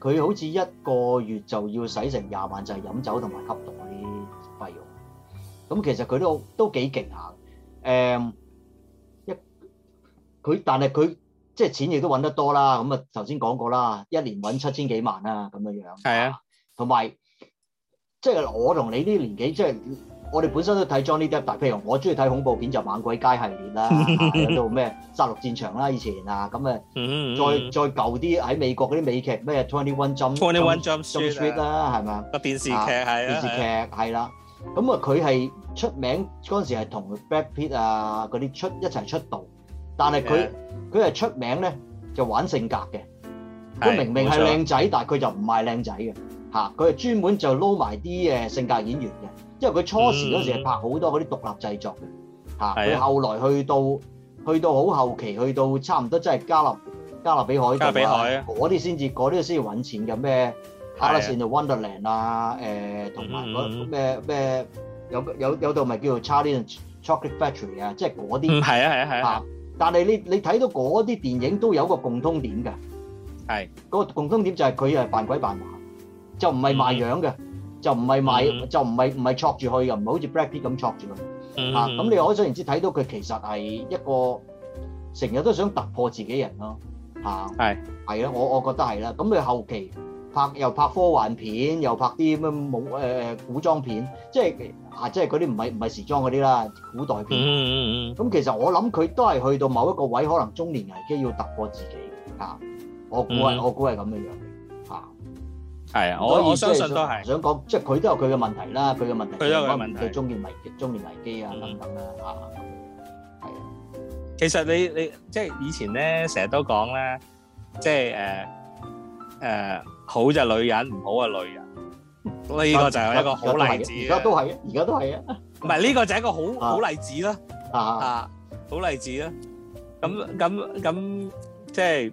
佢好似一個月就要使成廿萬，就係飲酒同埋吸毒啲費用。咁其實佢都都幾勁下。誒、嗯，一佢但係佢即係錢亦都揾得多啦。咁啊頭先講過啦，一年揾七千幾萬啦，咁樣樣。係啊，同埋即係我同你啲年紀即係。我哋本身都睇 Johnny Depp，但譬如我中意睇恐怖片就猛鬼街系列啦，喺度咩殺戮戰場啦，以前啊咁啊，再再舊啲喺美國嗰啲美劇咩 Twenty One Jump Twenty One Jump Street 啦，係咪？個電視劇係電視劇係啦，咁啊佢係出名嗰陣時係同 Brad Pitt 啊嗰啲出一齊出道，但係佢佢係出名咧就玩性格嘅，佢明明係靚仔，但係佢就唔係靚仔嘅嚇，佢係專門就撈埋啲誒性格演員嘅。因為佢初時嗰時係拍好多嗰啲獨立製作嘅，嚇，佢後來去到去到好後期，去到差唔多即係加勒加勒比海加勒比海嗰啲先至，嗰啲先要揾錢嘅咩，Alice inWonderland 啊，誒同埋嗰咩咩有個有有套咪叫做 Charlie and Chocolate Factory 啊，即係嗰啲，嗯，係啊係啊係啊，但係你你睇到嗰啲電影都有個共通點嘅，係個共通點就係佢係扮鬼扮馬，就唔係賣樣嘅。就唔係賣，就唔係唔係挫住去嘅，唔係好似 Blackpink 咁挫住嘅。啊，咁你可想而知睇到佢其實係一個成日都想突破自己人咯。嚇，係係啦，我我覺得係啦。咁佢後期拍又拍科幻片，又拍啲咩武誒誒古裝片，即係啊，即係嗰啲唔係唔係時裝嗰啲啦，古代片。嗯嗯嗯。咁其實我諗佢都係去到某一個位，可能中年危機要突破自己。嚇，我估係我估係咁嘅樣。係啊，我我相信都係。想講即係佢都有佢嘅問題啦，佢嘅問題。佢都有佢嘅問題。佢中年危，中年危機啊，等等啦，吓。係啊，其實你你即係以前咧，成日都講咧，即係誒誒，好就女人，唔好啊女人。呢個就係一個好例子。而家都係啊，而家都係啊。唔係呢個就係一個好好例子啦。啊啊，好例子啦。咁咁咁即係。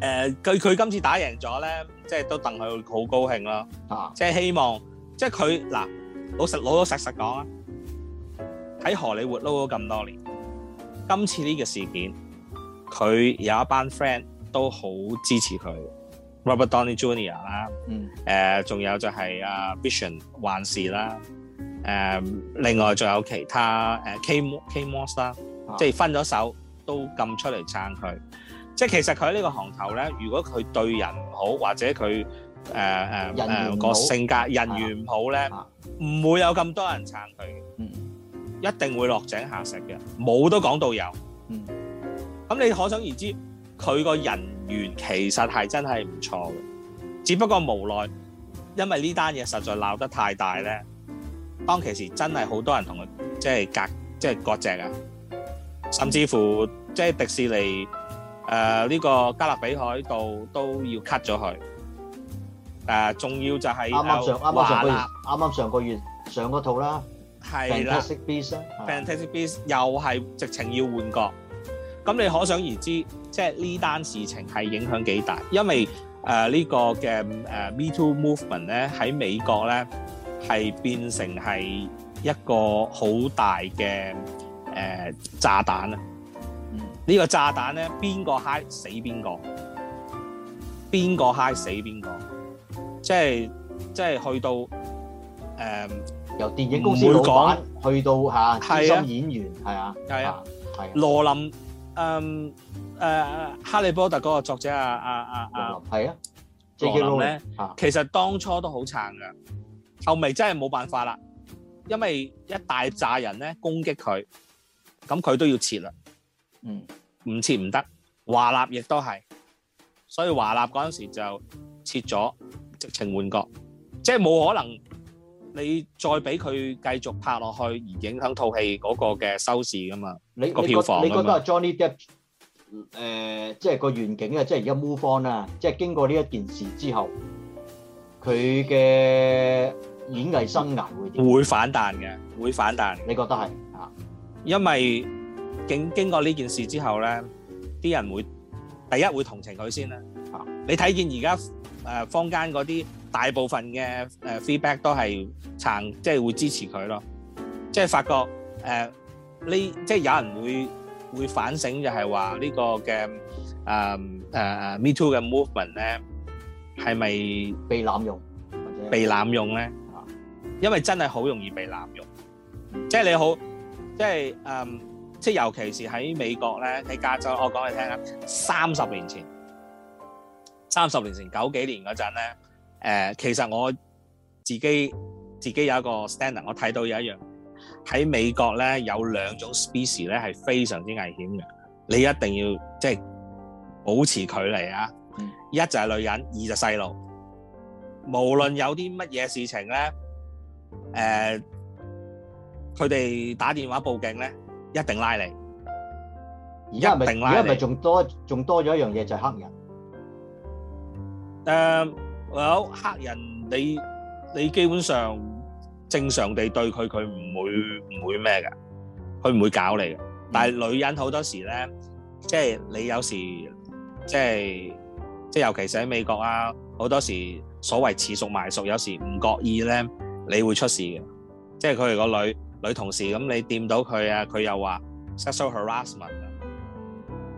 誒佢佢今次打贏咗咧，即係都戥佢好高興啦。啊！即係希望，即係佢嗱，老實老老實實講啊，喺、嗯、荷里活撈咗咁多年，今次呢個事件，佢有一班 friend 都好支持佢，Robert Downey Jr. 啦、啊，誒、嗯，仲、呃、有就係、是、阿、uh, Vision 幻視啦、啊，誒、呃嗯，另外仲有其他誒、uh, Kate Moss 啦、啊，即係分咗手都撳出嚟撐佢。即係其實佢喺呢個行頭咧，如果佢對人唔好，或者佢誒誒誒個性格人緣唔好咧，唔、啊、會有咁多人撐佢、嗯，一定會落井下石嘅。冇都講到有，咁、嗯、你可想而知佢個人緣其實係真係唔錯嘅，只不過無奈因為呢單嘢實在鬧得太大咧、嗯，當其時真係好多人同佢即係隔即係割席啊，甚至乎、嗯、即係迪士尼。誒呢個加勒比海盜都要 cut 咗佢。誒，仲要就係啱啱上啱啱上個月，啱啱上個月上個套啦，係啦。Fantastic Beast，Fantastic Beast 又係直情要換角。咁你可想而知，即係呢單事情係影響幾大，因為誒呢個嘅誒 Me Too Movement 咧喺美國咧係變成係一個好大嘅誒炸彈啦。呢、這個炸彈咧，邊個嗨死邊個，邊個嗨死邊個，即係即係去到誒、呃，由電影公司會老闆去到嚇資深演員，係啊，係啊，係、啊。羅琳誒誒哈利波特嗰個作者啊啊啊，係啊，啊，羅琳咧、啊，其實當初都好慘噶，後尾真係冇辦法啦，因為一大扎人咧攻擊佢，咁佢都要撤啦。嗯，唔切唔得，華納亦都係，所以華納嗰陣時候就撤咗，直情換角，即係冇可能你再俾佢繼續拍落去而影響套戲嗰個嘅收視噶嘛，你個票房，你覺得 Johnny Depp 誒、呃，即係個願景啊，即係而家 move on 啦，即係經過呢一件事之後，佢嘅演藝生涯會點？會反彈嘅，會反彈。你覺得係啊？因為。經經過呢件事之後咧，啲人會第一會同情佢先啦。你睇見而家誒坊間嗰啲大部分嘅誒 feedback 都係撐，即係會支持佢咯。即係發覺誒，呢、呃、即係有人會會反省，就是說這的，就係話呢個嘅誒誒誒 Me Too 嘅 movement 咧，係咪被濫用？被濫用咧？啊，因為真係好容易被濫用，即係你好，即係誒。啊即尤其是喺美國呢，喺加州，我講你聽啊，三十年前，三十年前九幾年嗰陣咧，呢、呃、其實我自己自己有一個 standard，我睇到有一樣喺美國呢，有兩種 species 呢係非常之危險嘅，你一定要即、即係、保持距離啊！一就係女人，二就細路，無論有啲乜嘢事情呢，誒、呃，佢哋打電話報警呢。一定拉你，而家係咪？而家係咪仲多仲多咗一樣嘢就係黑人？誒，好黑人，你你基本上正常地對佢，佢唔會唔會咩嘅？佢唔會搞你嘅。但係女人好多時咧，即係你有時即係即係，尤其是喺美國啊，好多時所謂似熟賣熟，有時唔覺意咧，你會出事嘅。即係佢係個女。女同事咁你掂到佢啊？佢又話 sexual harassment。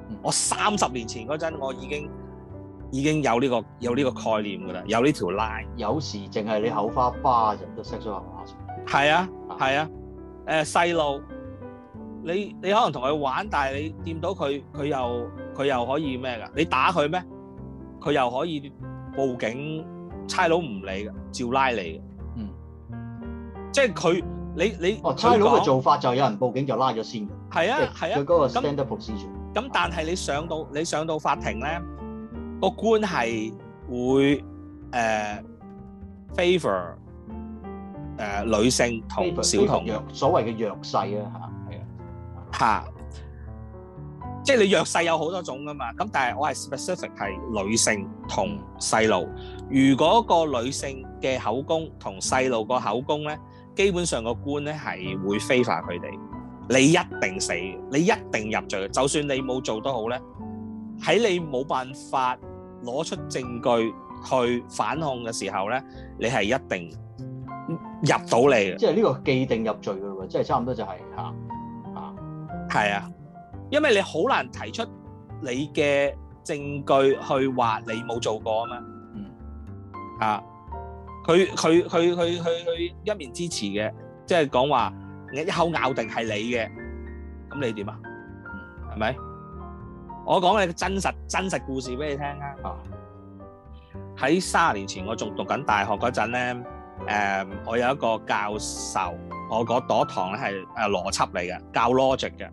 嗯、我三十年前嗰陣，我已經已經有呢個有呢個概念噶啦，有呢條 line。有時淨係你口花花就都 sexual harassment。係啊，係啊。誒細路，你你可能同佢玩，但係你掂到佢，佢又佢又可以咩噶？你打佢咩？佢又可以報警，差佬唔理嘅，照拉你嘅。嗯，即係佢。你你哦，差佬嘅做法就有人報警就拉咗先㗎，係啊係啊，佢個 standard position。咁但係你上到你上到法庭咧，個官係會誒 favour 誒女性同小童，所謂嘅弱勢啊嚇，係啊嚇，即係你弱勢有好多種噶嘛。咁但係我係 specific 係女性同細路。如果個女性嘅口供同細路個口供咧。基本上個官咧係會非法佢哋，你一定死，你一定入罪。就算你冇做都好咧，喺你冇辦法攞出證據去反抗嘅時候咧，你係一定入到嚟嘅。即係呢個既定入罪嘅咯喎，即係差唔多就係嚇嚇，係啊，因為你好難提出你嘅證據去話你冇做過啊嘛，嗯啊。佢佢佢佢佢佢一面之詞嘅，即係講話你一口咬定係你嘅，咁你點啊，係咪？我講你個真實真實故事俾你聽啊。喺三十年前我仲讀緊大學嗰陣咧，誒，我有一個教授，我嗰朵堂咧係誒邏輯嚟嘅，教 logic 嘅，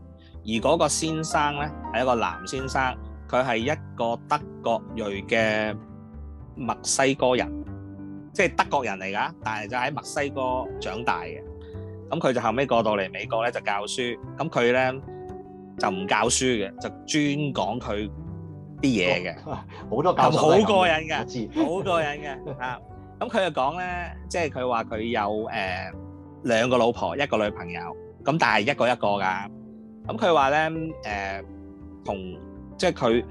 而嗰個先生咧係一個男先生，佢係一個德國裔嘅墨西哥人。即係德國人嚟噶，但係就喺墨西哥長大嘅，咁佢就後尾過到嚟美國咧就教書，咁佢咧就唔教書嘅，就專講佢啲嘢嘅，好多教授嚟嘅 好過癮嘅，好過癮嘅，吓、就是，咁佢就講咧，即係佢話佢有誒兩個老婆，一個女朋友，咁但係一個一個噶，咁佢話咧誒同即係佢，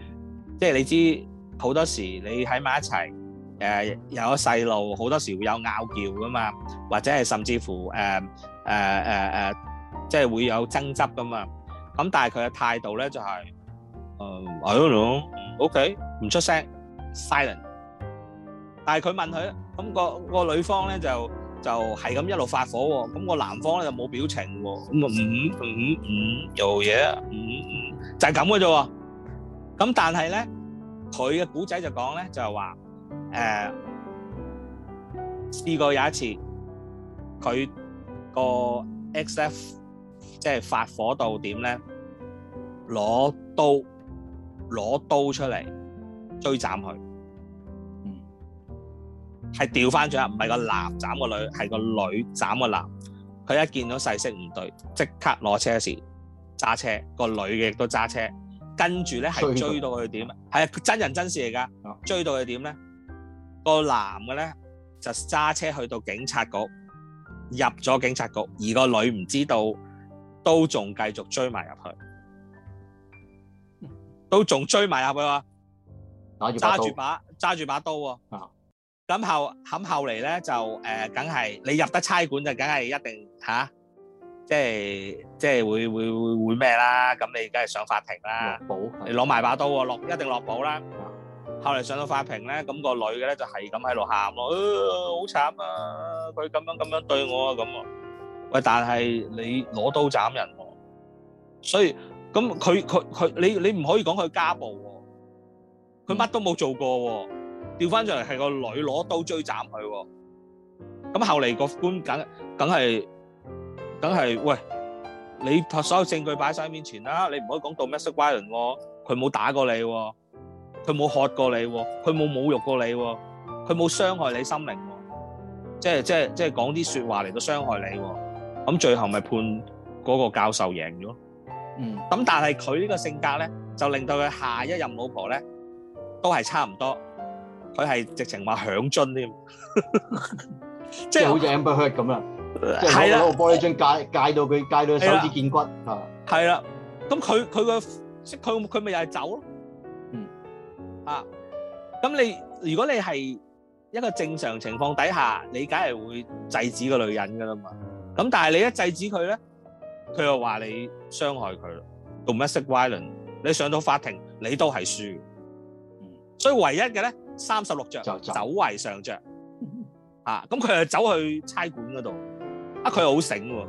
即係你知好多時你喺埋一齊。誒，有咗細路，好多時會有拗撬噶嘛，或者係甚至乎誒誒誒誒，即係會有爭執噶嘛。咁但係佢嘅態度咧就係，誒，我咯，OK，唔出聲，silent。但係佢問佢，咁個個女方咧就就係咁一路發火，咁個男方咧就冇表情，咁啊唔唔唔，做嘢，唔唔就係咁嘅啫。咁但係咧，佢嘅古仔就講咧就係話。誒，試過有一次，佢個 X F 即係發火到點咧，攞刀攞刀出嚟追斬佢，嗯，係調翻轉，唔係個男斬個女，係個女斬個男。佢一見到勢色唔對，即刻攞車匙揸車，個女嘅亦都揸車，跟住咧係追到佢點，係真人真事嚟噶，追到佢點咧。個男嘅咧就揸車去到警察局，入咗警察局，而個女唔知道，都仲繼續追埋入去，都仲追埋入去啊！揸住把揸住把刀喎。咁後咁後嚟咧就誒，梗、呃、係你入得差館就梗係一定吓，啊，即係即係會會會咩啦？咁你梗係上法庭啦，落保，你攞埋把刀落一定落保啦。後來上到法庭呢，咁、那個女嘅咧就係咁喺度喊咯，好慘啊！佢咁樣咁樣對我啊，但係你攞刀斬人，所以咁佢你，你不唔可以講佢家暴喎，佢乜都冇做過喎，調翻上嚟係個女攞刀追斬佢，咁後來那個官梗梗梗係，喂，你所有證據擺晒喺面前啦，你唔可以講到 Mr. Guan 喎，佢冇打過你喎。佢冇喝過你喎，佢冇侮辱過你喎，佢冇傷害你心靈喎，即係即係即係講啲説話嚟到傷害你喎，咁最後咪判嗰個教授贏咗。嗯，咁但係佢呢個性格咧，就令到佢下一任老婆咧都係差唔多，佢係直情話響樽添，即係好似 Amber Heard 咁啦，即係攞攞個玻璃樽戒戒到佢戒到手指見骨啊，係啦，咁佢佢個即係佢佢咪又係走咯。啊，咁你如果你係一個正常情況底下，你梗係會制止個女人噶啦嘛。咁但係你一制止佢咧，佢又話你傷害佢，用 physical violence。你上到法庭，你都係輸。所以唯一嘅咧，三十六着走為上着，吓，咁佢又走去差館嗰度。啊，佢好醒喎，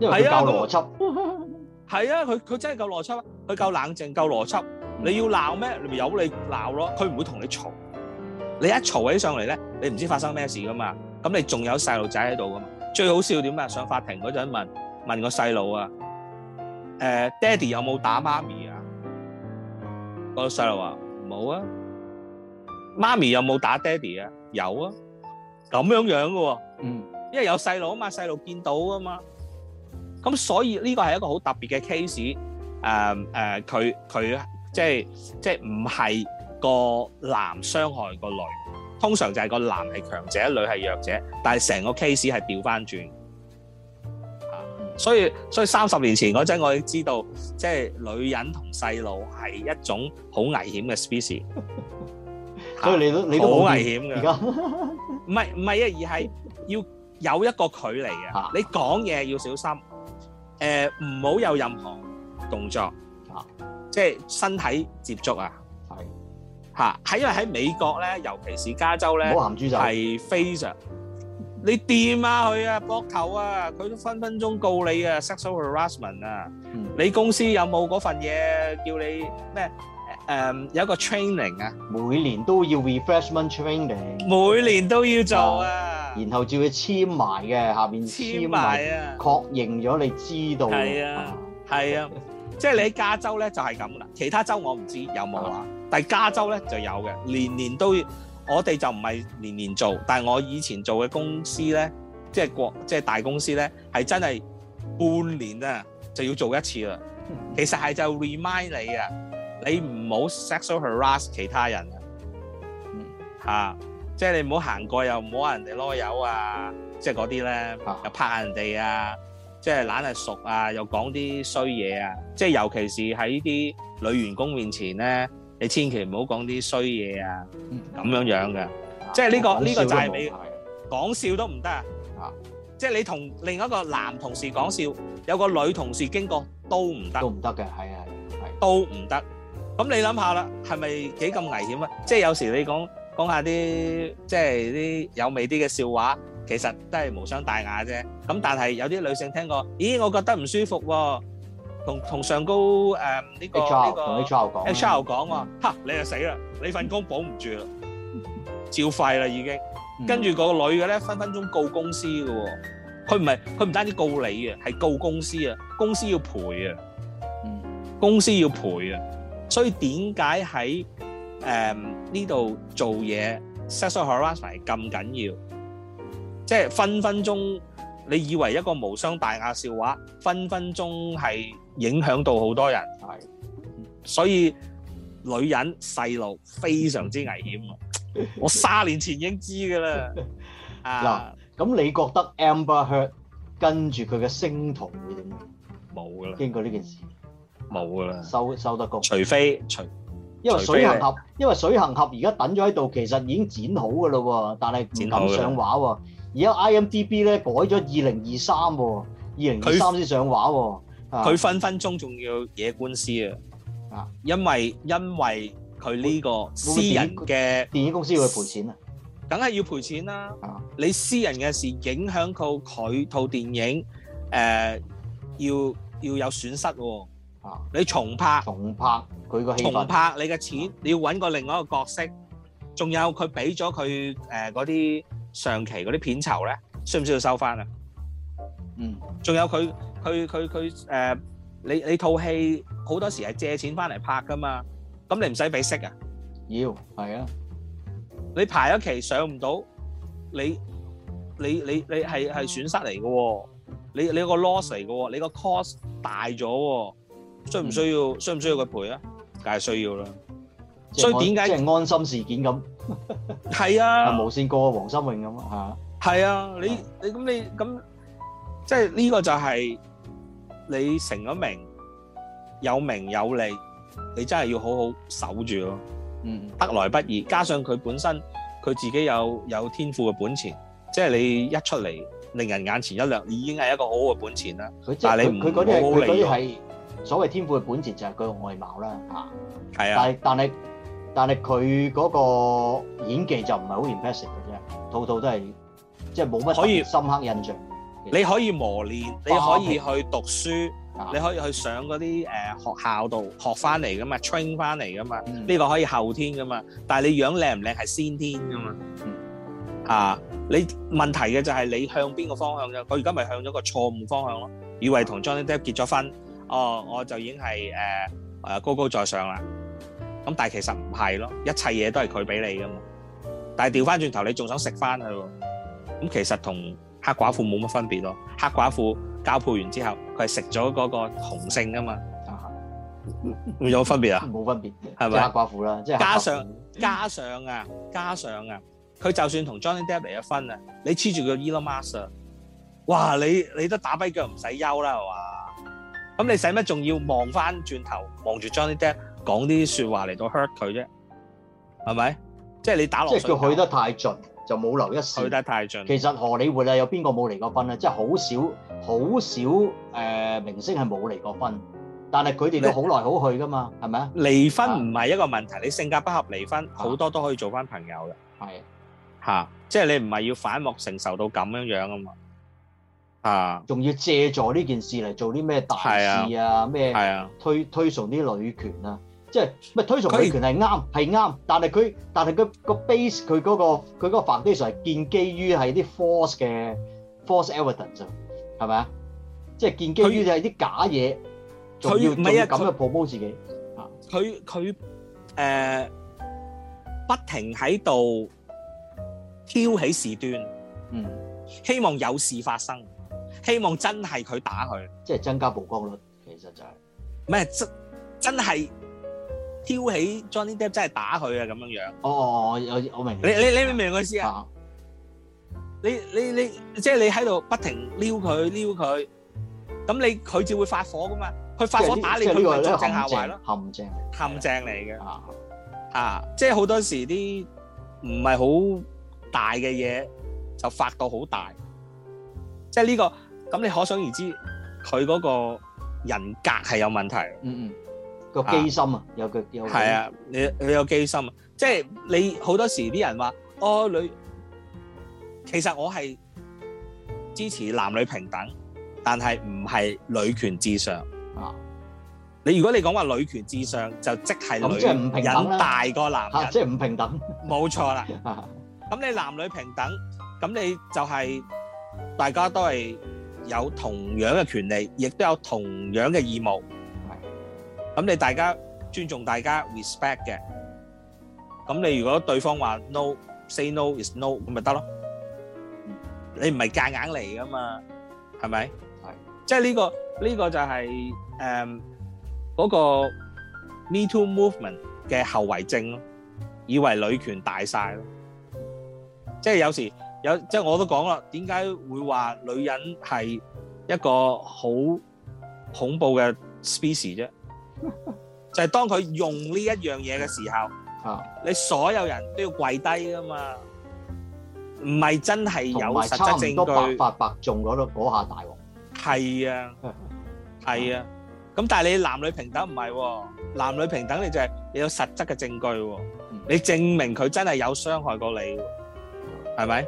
因為夠邏輯，係啊，佢佢真係夠邏輯，佢夠冷靜，夠邏輯。你要鬧咩？你咪由你鬧咯。佢唔會同你嘈。你一嘈起上嚟咧，你唔知發生咩事噶嘛。咁你仲有細路仔喺度噶嘛。最好笑點呀？上法庭嗰陣問問個細路啊。誒、呃，爹哋有冇打媽咪啊？個細路話冇啊。媽咪有冇打爹哋啊？有啊。咁樣樣噶喎。嗯。因為有細路啊嘛，細路見到啊嘛。咁所以呢個係一個好特別嘅 case、呃。誒佢佢。即係即係唔係個男傷害個女，通常就係個男係強者，女係弱者。但係成個 case 係掉翻轉，啊！所以所以三十年前嗰陣，我已經知道，即係女人同細路係一種好危險嘅 species，所以你都你都好危險嘅。而家唔係唔係啊，而係要有一個距離啊。你講嘢要小心，誒唔好有任何動作。即係身體接觸啊，係嚇，係因為喺美國咧，尤其是加州咧，好鹹豬手，就係非常你掂下佢啊，膊頭啊，佢都分分鐘告你啊，sexual harassment 啊，你公司有冇嗰份嘢叫你咩誒有一個 training 啊？每年都要 refreshment training，每年都要做啊，然後叫佢簽埋嘅，下面簽埋啊，確認咗你知道啊，係啊。即係你喺加州咧就係咁啦，其他州我唔知有冇啊，但係加州咧就有嘅，年年都我哋就唔係年年做，但係我以前做嘅公司咧，即係國即係大公司咧，係真係半年啊就要做一次啦。嗯、其實係就 remind you，你啊，你唔好 sexual harass 其他人，嗯、啊，即係你唔好行過又唔好話人哋囉柚啊，即係嗰啲咧又拍人哋啊。即係懶係熟啊，又講啲衰嘢啊！即係尤其是喺啲女員工面前咧，你千祈唔好講啲衰嘢啊！咁樣樣嘅，即係呢個呢個就係你講笑都唔得啊！即係你同另一個男同事講笑，有個女同事經過都唔得，都唔得嘅，係啊，係，都唔得。咁你諗下啦，係咪幾咁危險啊？即係有時你講講下啲即係啲有味啲嘅笑話。其實都係無傷大雅啫。咁但係有啲女性聽過，咦，我覺得唔舒服喎、哦。同同上高誒呢個呢個，同 c h a r l 講 h r l e 話，你就死啦！你份工保唔住啦、嗯，照廢啦已經。嗯、跟住嗰個女嘅咧，分分鐘告公司嘅喎、哦。佢唔係佢唔單止告你啊，係告公司啊，公司要賠啊，公司要賠啊、嗯。所以點解喺誒呢度做嘢 s e x u a h a r a s s m e n 咁緊要？即係分分鐘，你以為一個無傷大雅笑話，分分鐘係影響到好多人。係，所以女人細路非常之危險。我三年前已經知㗎啦。嗱、 啊，咁你覺得 Amber Heard 跟住佢嘅星途會點？冇㗎啦，經過呢件事，冇㗎啦，收收得公。除非除因為水行俠，因為水行俠而家等咗喺度，其實已經剪好㗎啦，但係唔敢上畫喎。而家 IMDB 咧改咗二零二三，二零二三先上畫。佢分分鐘仲要惹官司啊！啊，因為因為佢呢個私人嘅電影公司要去賠錢啊，梗係要賠錢啦！你私人嘅事影響到佢套電影，誒、呃、要要有損失喎。你重拍重拍佢個重拍你嘅錢，你要揾個另外一個角色。仲有佢俾咗佢誒嗰啲。呃上期嗰啲片酬咧，需唔需要收翻啊？嗯，仲有佢佢佢佢誒，你你套戲好多時係借錢翻嚟拍噶嘛，咁你唔使俾息啊？要，係啊。你排咗期上唔到，你你你你係係損失嚟嘅喎，你你個 loss 嚟嘅喎，你個 cost 大咗喎，需唔需要需唔需要佢賠啊？梗係需要啦。所以點解即係安心事件咁？係啊，無線過黃心穎咁啊，係啊，啊，你你咁你咁，即係呢個就係你成咗名，有名有利，你真係要好好守住咯，嗯。嗯，得來不易，加上佢本身佢自己有有天賦嘅本錢，即係你一出嚟令人眼前一亮，已經係一個好好嘅本錢啦。但係你唔佢嗰嘢，佢嗰啲係所謂天賦嘅本錢就係佢嘅外貌啦。吓、啊，係啊，但係但係。但係佢嗰個演技就唔係好 impressive 嘅啫，套套都係即係冇乜可以深刻印象。你可以磨練，你可以去讀書，啊、你可以去上嗰啲誒學校度學翻嚟噶嘛，train 翻嚟噶嘛，呢、嗯嗯呢個可以後天噶嘛。但係你樣靚唔靚係先天噶嘛、嗯？啊，你問題嘅就係你向邊個方向啫？佢而家咪向咗個錯誤方向咯，以為同 Johnny Depp 結咗婚，哦，我就已經係誒誒高高在上啦。咁但係其實唔係咯，一切嘢都係佢俾你噶嘛，但係調翻轉頭你仲想食翻佢，咁其實同黑寡婦冇乜分別咯。黑寡婦交配完之後，佢係食咗嗰個雄性噶嘛，有冇分別啊？冇分別，係咪？黑寡婦啦，即係加上加上啊，加上啊，佢就算同 Johnny Depp 離咗婚啊，你黐住個 Elon Musk，哇，你你都打跛腳唔使憂啦係嘛？咁你使乜仲要望翻轉頭望住 Johnny Depp？講啲說話嚟到 hurt 佢啫，係咪？即係你打落去，即係佢去得太盡，就冇留一線。去得太盡。其實荷里活啊，有邊個冇離過婚咧？即係好少，好少誒、呃，明星係冇離過婚，但係佢哋都好來好去噶嘛，係咪啊？離婚唔係一個問題，你性格不合離婚，好、啊、多都可以做翻朋友嘅。係、啊、吓、啊啊，即係你唔係要反目成仇到咁樣樣啊嘛？吓、啊，仲要借助呢件事嚟做啲咩大事啊？咩、啊啊啊？推推崇啲女權啊？即係咪推崇女權，係啱係啱，但係佢但係佢，嗰個 base 佢嗰個佢嗰個 foundation 係建基於係啲 force 嘅 force evidence，係咪啊？即係建基於係啲假嘢，佢要咩要咁嘅 promote 自己。佢佢誒不停喺度挑起事端，嗯，希望有事發生，希望真係佢打佢，即係增加曝光率，其實就係、是、咩真真係。挑起 Johnny Depp 真係打佢啊咁樣樣。哦，我我明。你你你明唔明我意思啊？你你你即係、就是、你喺度不停撩佢撩佢，咁你佢就會發火噶嘛？佢發火打你，佢咪助正下懷咯？陷阱陷阱嚟嘅。啊，即係好多時啲唔係好大嘅嘢就發到好大。即係呢個咁，你可想而知佢嗰個人格係有問題。嗯嗯。個機心啊，有個有。係啊，你你有機心啊，即係你好多時啲人話哦女，其實我係支持男女平等，但係唔係女權至上啊。你如果你講話女權至上，就即係女人大過男人，啊、即係唔平等。冇 錯啦。咁你男女平等，咁你就係大家都係有同樣嘅權利，亦都有同樣嘅義務。咁你大家尊重大家 respect 嘅，咁你如果對方話 no，say no is no，咁咪得咯。你唔係夾硬嚟㗎嘛，係咪？係。即係呢個呢個就係誒嗰個 me too movement 嘅後遺症咯，以為女權大曬咯。即係有時有即係我都講啦，點解會話女人係一個好恐怖嘅 species 啫？就係當佢用呢一樣嘢嘅時候，你所有人都要跪低噶嘛？唔係真係有實質證據，同埋差唔多白髮白中嗰咯嗰下大鑊。係啊，係啊。咁但係你男女平等唔係，男女平等你就係你有實質嘅證據，你證明佢真係有傷害過你，係咪？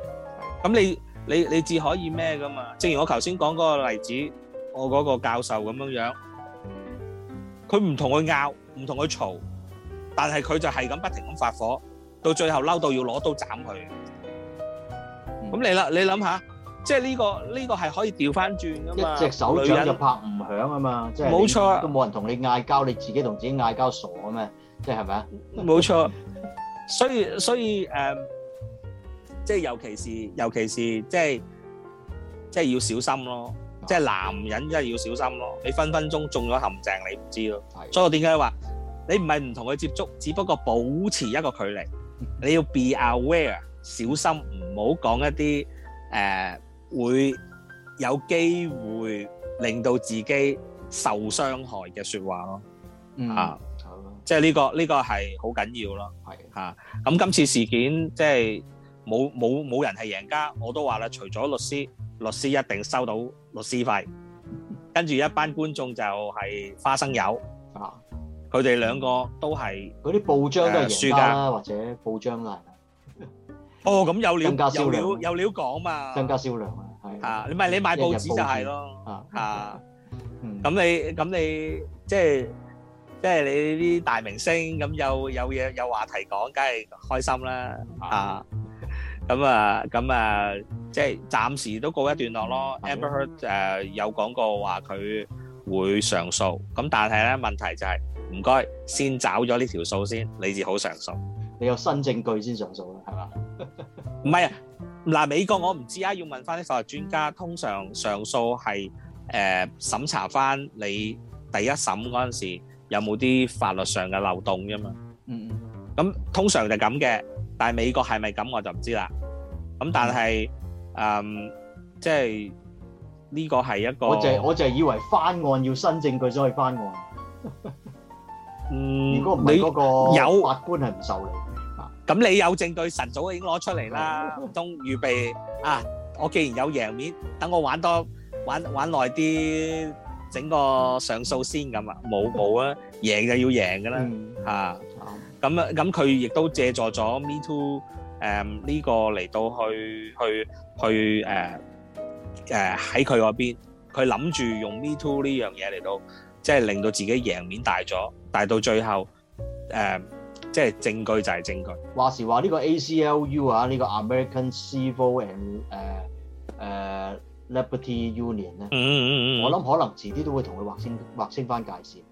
咁你你你至可以咩噶嘛？正如我頭先講嗰個例子，我嗰個教授咁樣樣。佢唔同佢拗，唔同佢嘈，但係佢就係咁不停咁發火，到最後嬲到要攞刀斬佢。咁你啦，你諗下，即係呢個呢個係可以調翻轉噶嘛？一隻手掌就拍唔響啊嘛，即係冇錯，都冇人同你嗌交，你自己同自己嗌交傻啊嘛，即係係咪啊？冇錯，所以所以誒，即係尤其是尤其是即係即係要小心咯。即係男人真係要小心咯，你分分鐘中咗陷阱，你唔知咯。所以點解話你唔係唔同佢接觸，只不過保持一個距離。你要 be aware，小心唔好講一啲誒、呃、會有機會令到自己受傷害嘅說話咯、嗯。啊，即係呢個呢個係好緊要咯。咁今次事件即係冇冇冇人係贏家，我都話啦，除咗律師。律師一定收到律師費，跟住一班觀眾就係花生油啊！佢哋兩個都係嗰啲報章都係贏家啦，或者報章嚟。哦，咁有料有料有料講嘛，增加銷量啊！係啊，你唔係你買報紙就係咯啊！咁你咁你即係即係你啲大明星咁有有嘢有話題講，梗係開心啦啊！咁啊，咁啊，即係暫時都告一段落咯。Amber Heard 誒、呃、有講過話佢會上訴，咁但係咧問題就係唔該先找咗呢條數先，你至好上訴。你有新證據先上訴啦，係嘛？唔係啊，嗱，美國我唔知啊，要問翻啲法律專家。通常上訴係誒、呃、審查翻你第一審嗰陣時有冇啲法律上嘅漏洞啫嘛。嗯嗯，咁通常就咁嘅。但係美國係咪咁我就唔知啦。咁但係，嗯，即係呢個係一個，我就係我就係以為翻案要新證據先可以翻案。嗯，如果唔係嗰個法官係唔受理。啊，咁你有證據晨早已經攞出嚟啦，唔通預備啊？我既然有贏面，等我玩多玩玩耐啲，整個上訴先咁啊？冇冇啊？贏就要贏㗎啦，吓。咁啊，咁佢亦都借助咗 Me Too，誒、嗯、呢、這個嚟到去去去誒誒喺佢嗰邊，佢諗住用 Me Too 呢樣嘢嚟到，即係令到自己贏面大咗，但係到最後誒、呃、即係證據就係證據，話時話呢個 ACLU 啊，呢、這個 American Civil and 誒、呃、誒、呃、Liberty Union 咧、嗯，嗯嗯嗯，我諗可能遲啲都會同佢劃清劃清翻界線。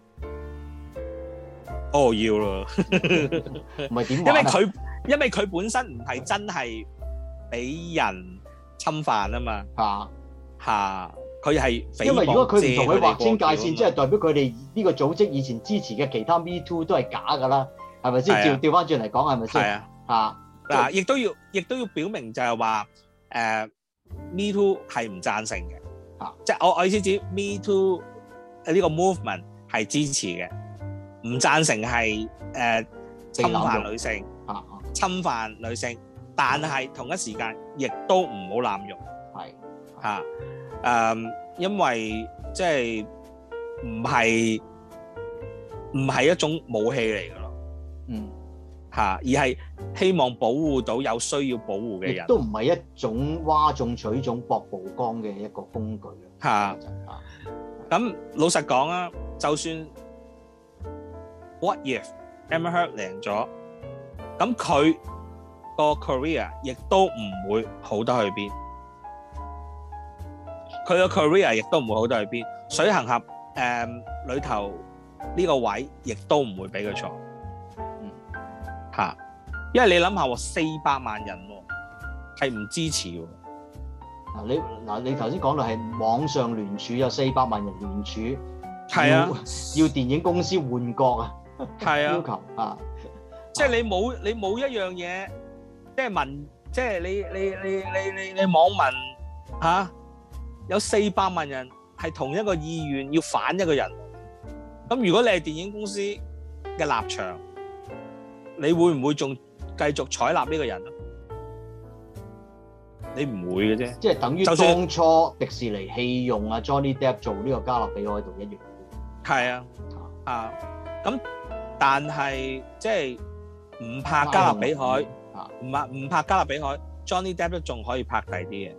哦，要咯，唔係點？因為佢，因為佢本身唔係真係俾人侵犯啊嘛，吓 吓，佢係因為如果佢唔同佢劃清界線，即係代表佢哋呢個組織以前支持嘅其他 Me Too 都係假噶啦，係咪先？調調翻轉嚟講，係咪先？吓嗱，亦都要亦都要表明就係話，誒，Me Too 係唔贊成嘅，吓，即係我我意思指 Me Too 呢個 movement 係支持嘅。唔贊成係誒侵犯女性，侵犯女性，但係同一時間亦都唔好濫用，係啊，誒，因為即係唔係唔係一種武器嚟噶咯，嗯，嚇，而係希望保護到有需要保護嘅人，都唔係一種嘩眾取寵、博曝光嘅一個工具啊，嚇，嚇，咁老實講啊，就算。What if Amber Heard 涼咗？咁佢個 career 亦都唔會好得去邊。佢個 career 亦都唔會好得去邊。水行俠誒裏頭呢個位亦都唔會俾佢坐。嗯，吓，因為你諗下，四百萬人係唔支持喎。嗱你嗱你頭先講到係網上聯署有四百萬人聯署，係啊，要電影公司換角啊！係啊，要求啊，即係你冇、就是就是、你冇一樣嘢，即係民，即係你你你你你，你，你，你網民吓、啊、有四百萬人係同一個意願要反一個人，咁如果你係電影公司嘅立場，你會唔會仲繼續採納呢個人？你唔會嘅啫，即、就、係、是、等於當初迪士尼棄用啊 Johnny Depp 做呢個加勒比海盜一樣。係啊，啊咁。那但係即係唔拍加勒比海，唔拍唔拍加勒比海、嗯、Johnny Depp 仲可以拍第啲嘢。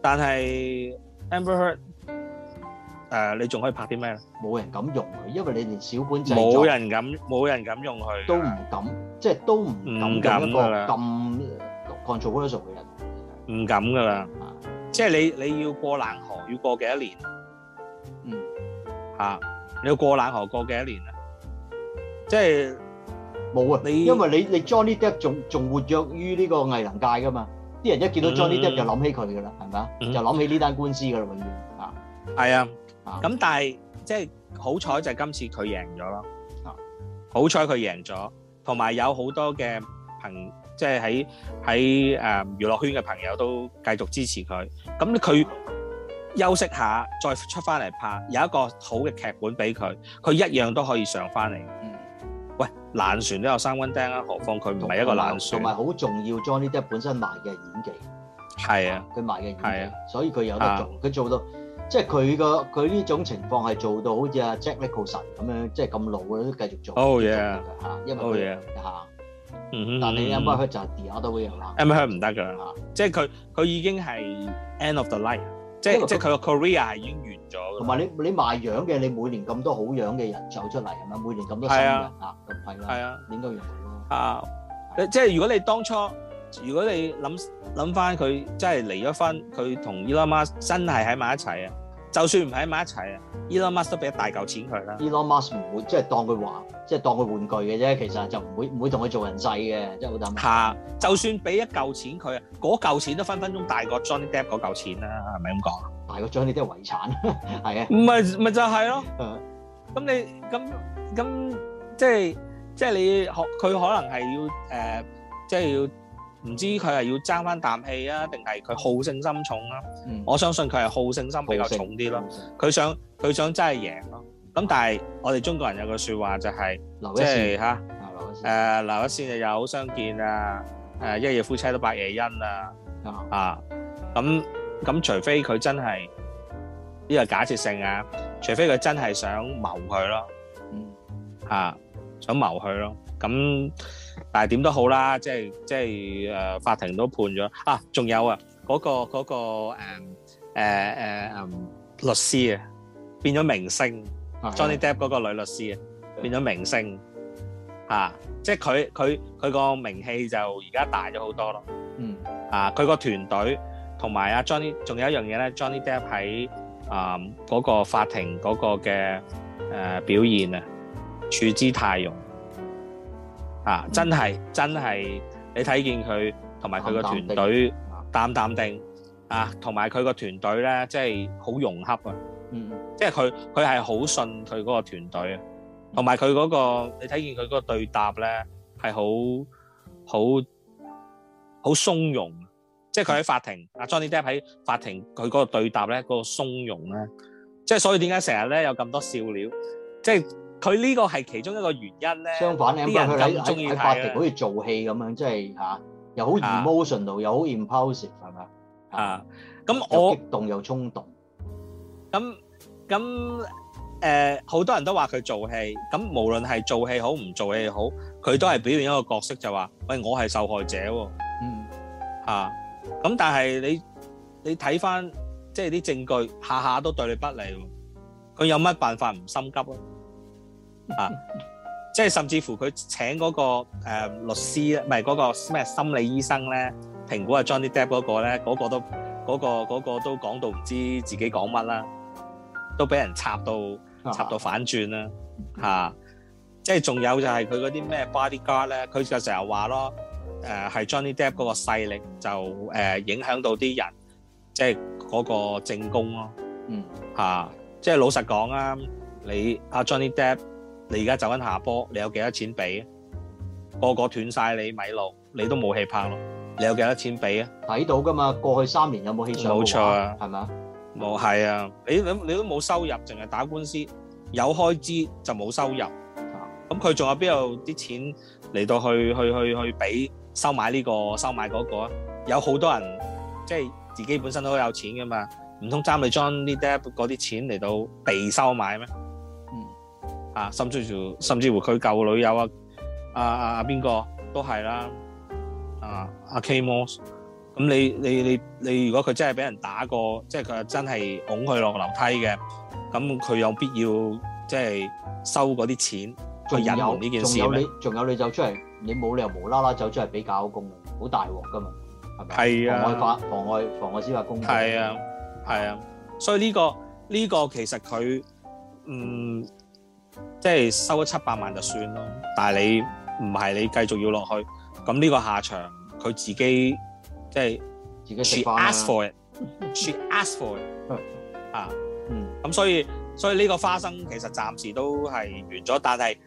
但係 Amber Heard，誒、呃、你仲可以拍啲咩咧？冇人敢用佢，因為你連小本製作冇人敢，冇人敢用佢，都唔敢，是即係都唔敢，唔敢一個咁 controversial 嘅人，唔敢㗎啦。即係你你要過冷河要過幾多年？嗯，嚇、啊、你要過冷河過幾多年啊？即係冇啊！你因為你你 Johnny Depp 仲仲活躍於呢個藝能界噶嘛？啲人一見到 Johnny Depp 就諗起佢噶啦，係、嗯、咪？就諗起呢單官司噶啦，永遠啊，係啊。咁但係即係好彩就係、是、今次佢、嗯、贏咗咯。啊，好彩佢贏咗，同埋有好多嘅朋即係喺喺誒娛樂圈嘅朋友都繼續支持佢。咁佢休息下、嗯、再出翻嚟拍，有一個好嘅劇本俾佢，佢一樣都可以上翻嚟。嗯喂，爛船都有三蚊釘啊，何況佢唔係一個爛船。同埋好重要 Johnny Depp 本身賣嘅演技，係啊，佢賣嘅演技，係啊，所以佢有得做，佢做到，即係佢個佢呢種情況係做到，好似阿 Jack Nicholson 咁樣，即係咁老嘅都繼續做。Oh 做 yeah，嚇，因為佢嚇、oh yeah, 啊嗯，但係你諗下佢就《Dear the w a 啦，咁佢唔得㗎，即係佢佢已經係 end of the light 即係即係佢個 career 已經完咗，同埋你你賣樣嘅，你每年咁多好樣嘅人走出嚟係咪？每年咁多新人啊，咁係啊，應該完。啊，就是、啊啊啊啊啊啊，即係如果你當初如果你諗諗翻佢，即係離咗婚，佢同 Elon Musk 真係喺埋一齊啊！就算唔喺埋一齊啊，Elon Musk 都俾一大嚿錢佢啦。Elon Musk 唔會即係、就是、當佢玩，即、就、係、是、當佢玩具嘅啫。其實就唔會唔會同佢做人際嘅，即係好簡單。嚇，就算俾一嚿錢佢啊，嗰嚿錢都分分鐘大過 Johnny Depp 嗰嚿錢啦，係咪咁講？大過 Johnny Depp 遺產係啊，唔係咪就係、是、咯？嗯，咁你咁咁即係即係你學佢可能係要誒、呃，即係要。唔知佢係要爭翻啖氣啊，定係佢好勝心重啊？我相信佢係好勝心比較重啲咯。佢想佢想真係贏咯。咁但係我哋中國人有個説話就係，即係嚇誒留一線又有相見啊，誒一夜夫妻都百夜恩啊啊！咁咁除非佢真係呢個假設性啊，除非佢真係想謀佢咯，嚇想謀佢咯，咁。但係點都好啦，即係即係誒，法庭都判咗啊！仲有啊，嗰個嗰個誒誒誒，律師啊，變咗明星，Johnny Depp 嗰個女律師啊，變咗明星，吓，即係佢佢佢個名氣就而家大咗好多咯。嗯，啊，佢個團隊同埋阿 Johnny，仲有一樣嘢咧，Johnny Depp 喺啊嗰個法庭嗰個嘅誒表現啊，處之泰然。啊！真係真係，你睇見佢同埋佢個團隊淡淡定啊，同埋佢個團隊咧，即係好融洽啊。嗯，即係佢佢係好信佢嗰個團隊，同埋佢嗰個你睇見佢嗰個對答咧，係好好好鬆容。即係佢喺法庭，阿 Johnny Depp 喺法庭，佢嗰個對答咧，嗰個鬆容咧，即係所以點解成日咧有咁多笑料，即係。佢呢個係其中一個原因咧，相反，啲人咁中意喺法庭好似做戲咁樣，即係嚇又好 emotional，又好 impulsive，係咪啊？咁我激動又衝動，咁咁誒好多人都話佢做戲，咁無論係做戲好唔做戲好，佢都係表現一個角色就話：喂，我係受害者喎。嗯，嚇咁，但係你你睇翻即係啲證據，下下都對你不利，佢有乜辦法唔心急咧？啊！即係甚至乎佢請嗰、那個誒、呃、律師，唔係嗰個咩心理醫生咧，評估阿 Johnny Depp 嗰個咧，嗰、那個都嗰、那個、那個都講到唔知自己講乜啦，都俾人插到插到反轉啦，吓、啊啊！即係仲有就係佢嗰啲咩 bodyguard 咧，佢就成日話咯，誒、呃、係 Johnny Depp 嗰個勢力就誒、呃、影響到啲人，即係嗰個證供咯，嗯吓、啊！即係老實講啊，你阿、啊、Johnny Depp。你而家走緊下坡，你有幾多錢俾，個個斷晒你米路，你都冇戲拍咯。你有幾多錢俾啊？睇到噶嘛？過去三年有冇戲拍？冇錯啊，係嘛？冇係啊，你你你都冇收入，淨係打官司，有開支就冇收入。咁佢仲有邊度啲錢嚟到去去去俾收買呢個收買嗰個啊？有好多人即係自己本身都好有錢噶嘛，唔通爭你將啲 deposit 嗰啲錢嚟到被收買咩？啊，甚至乎甚至乎佢舊女友啊，啊啊邊個都係啦，啊阿 K Moss，咁你你你你如果佢真係俾人打過，即係佢真係拱佢落樓梯嘅，咁佢有必要即係、即係、收嗰啲錢去隱瞞呢件事咩？仲有你仲有你走出嚟，你冇理由無啦啦走出嚟俾解雇工，好大鑊噶嘛，係咪？係啊，妨礙法妨礙妨礙司法公。係啊係啊，啊，啊，所以呢個呢個其實佢嗯。嗯即、就、係、是、收咗七百萬就算咯，但係你唔係你繼續要落去，咁呢個下場佢自己即係、就是、自己地方 She asked for it. She asked for it, 啊，嗯，咁所以所以呢個花生其實暫時都係完咗，但係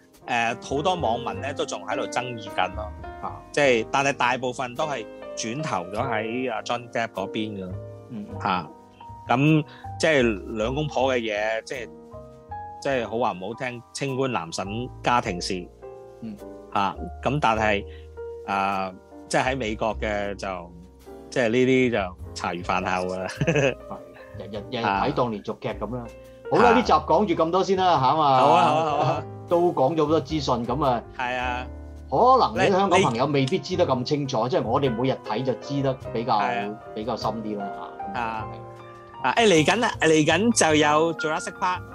誒好多網民咧都仲喺度爭議緊咯，啊，即、就、係、是、但係大部分都係轉投咗喺阿 John Depp 嗰邊噶咯，嗯、啊，吓，咁即係兩公婆嘅嘢，即、就、係、是。即係好話唔好聽，清官難審家庭事。嗯，嚇咁，但係啊，即係喺美國嘅就，即係呢啲就茶餘飯後噶啦。係，日日日日睇當連續劇咁啦。好啦，呢集講住咁多先啦嚇嘛。好啊，好啊，都講咗好多資訊咁啊。係啊，可能你香港朋友未必知得咁清楚，即係我哋每日睇就知得比較比較深啲啦嚇。啊啊誒，嚟緊啦，嚟緊就有做一 part。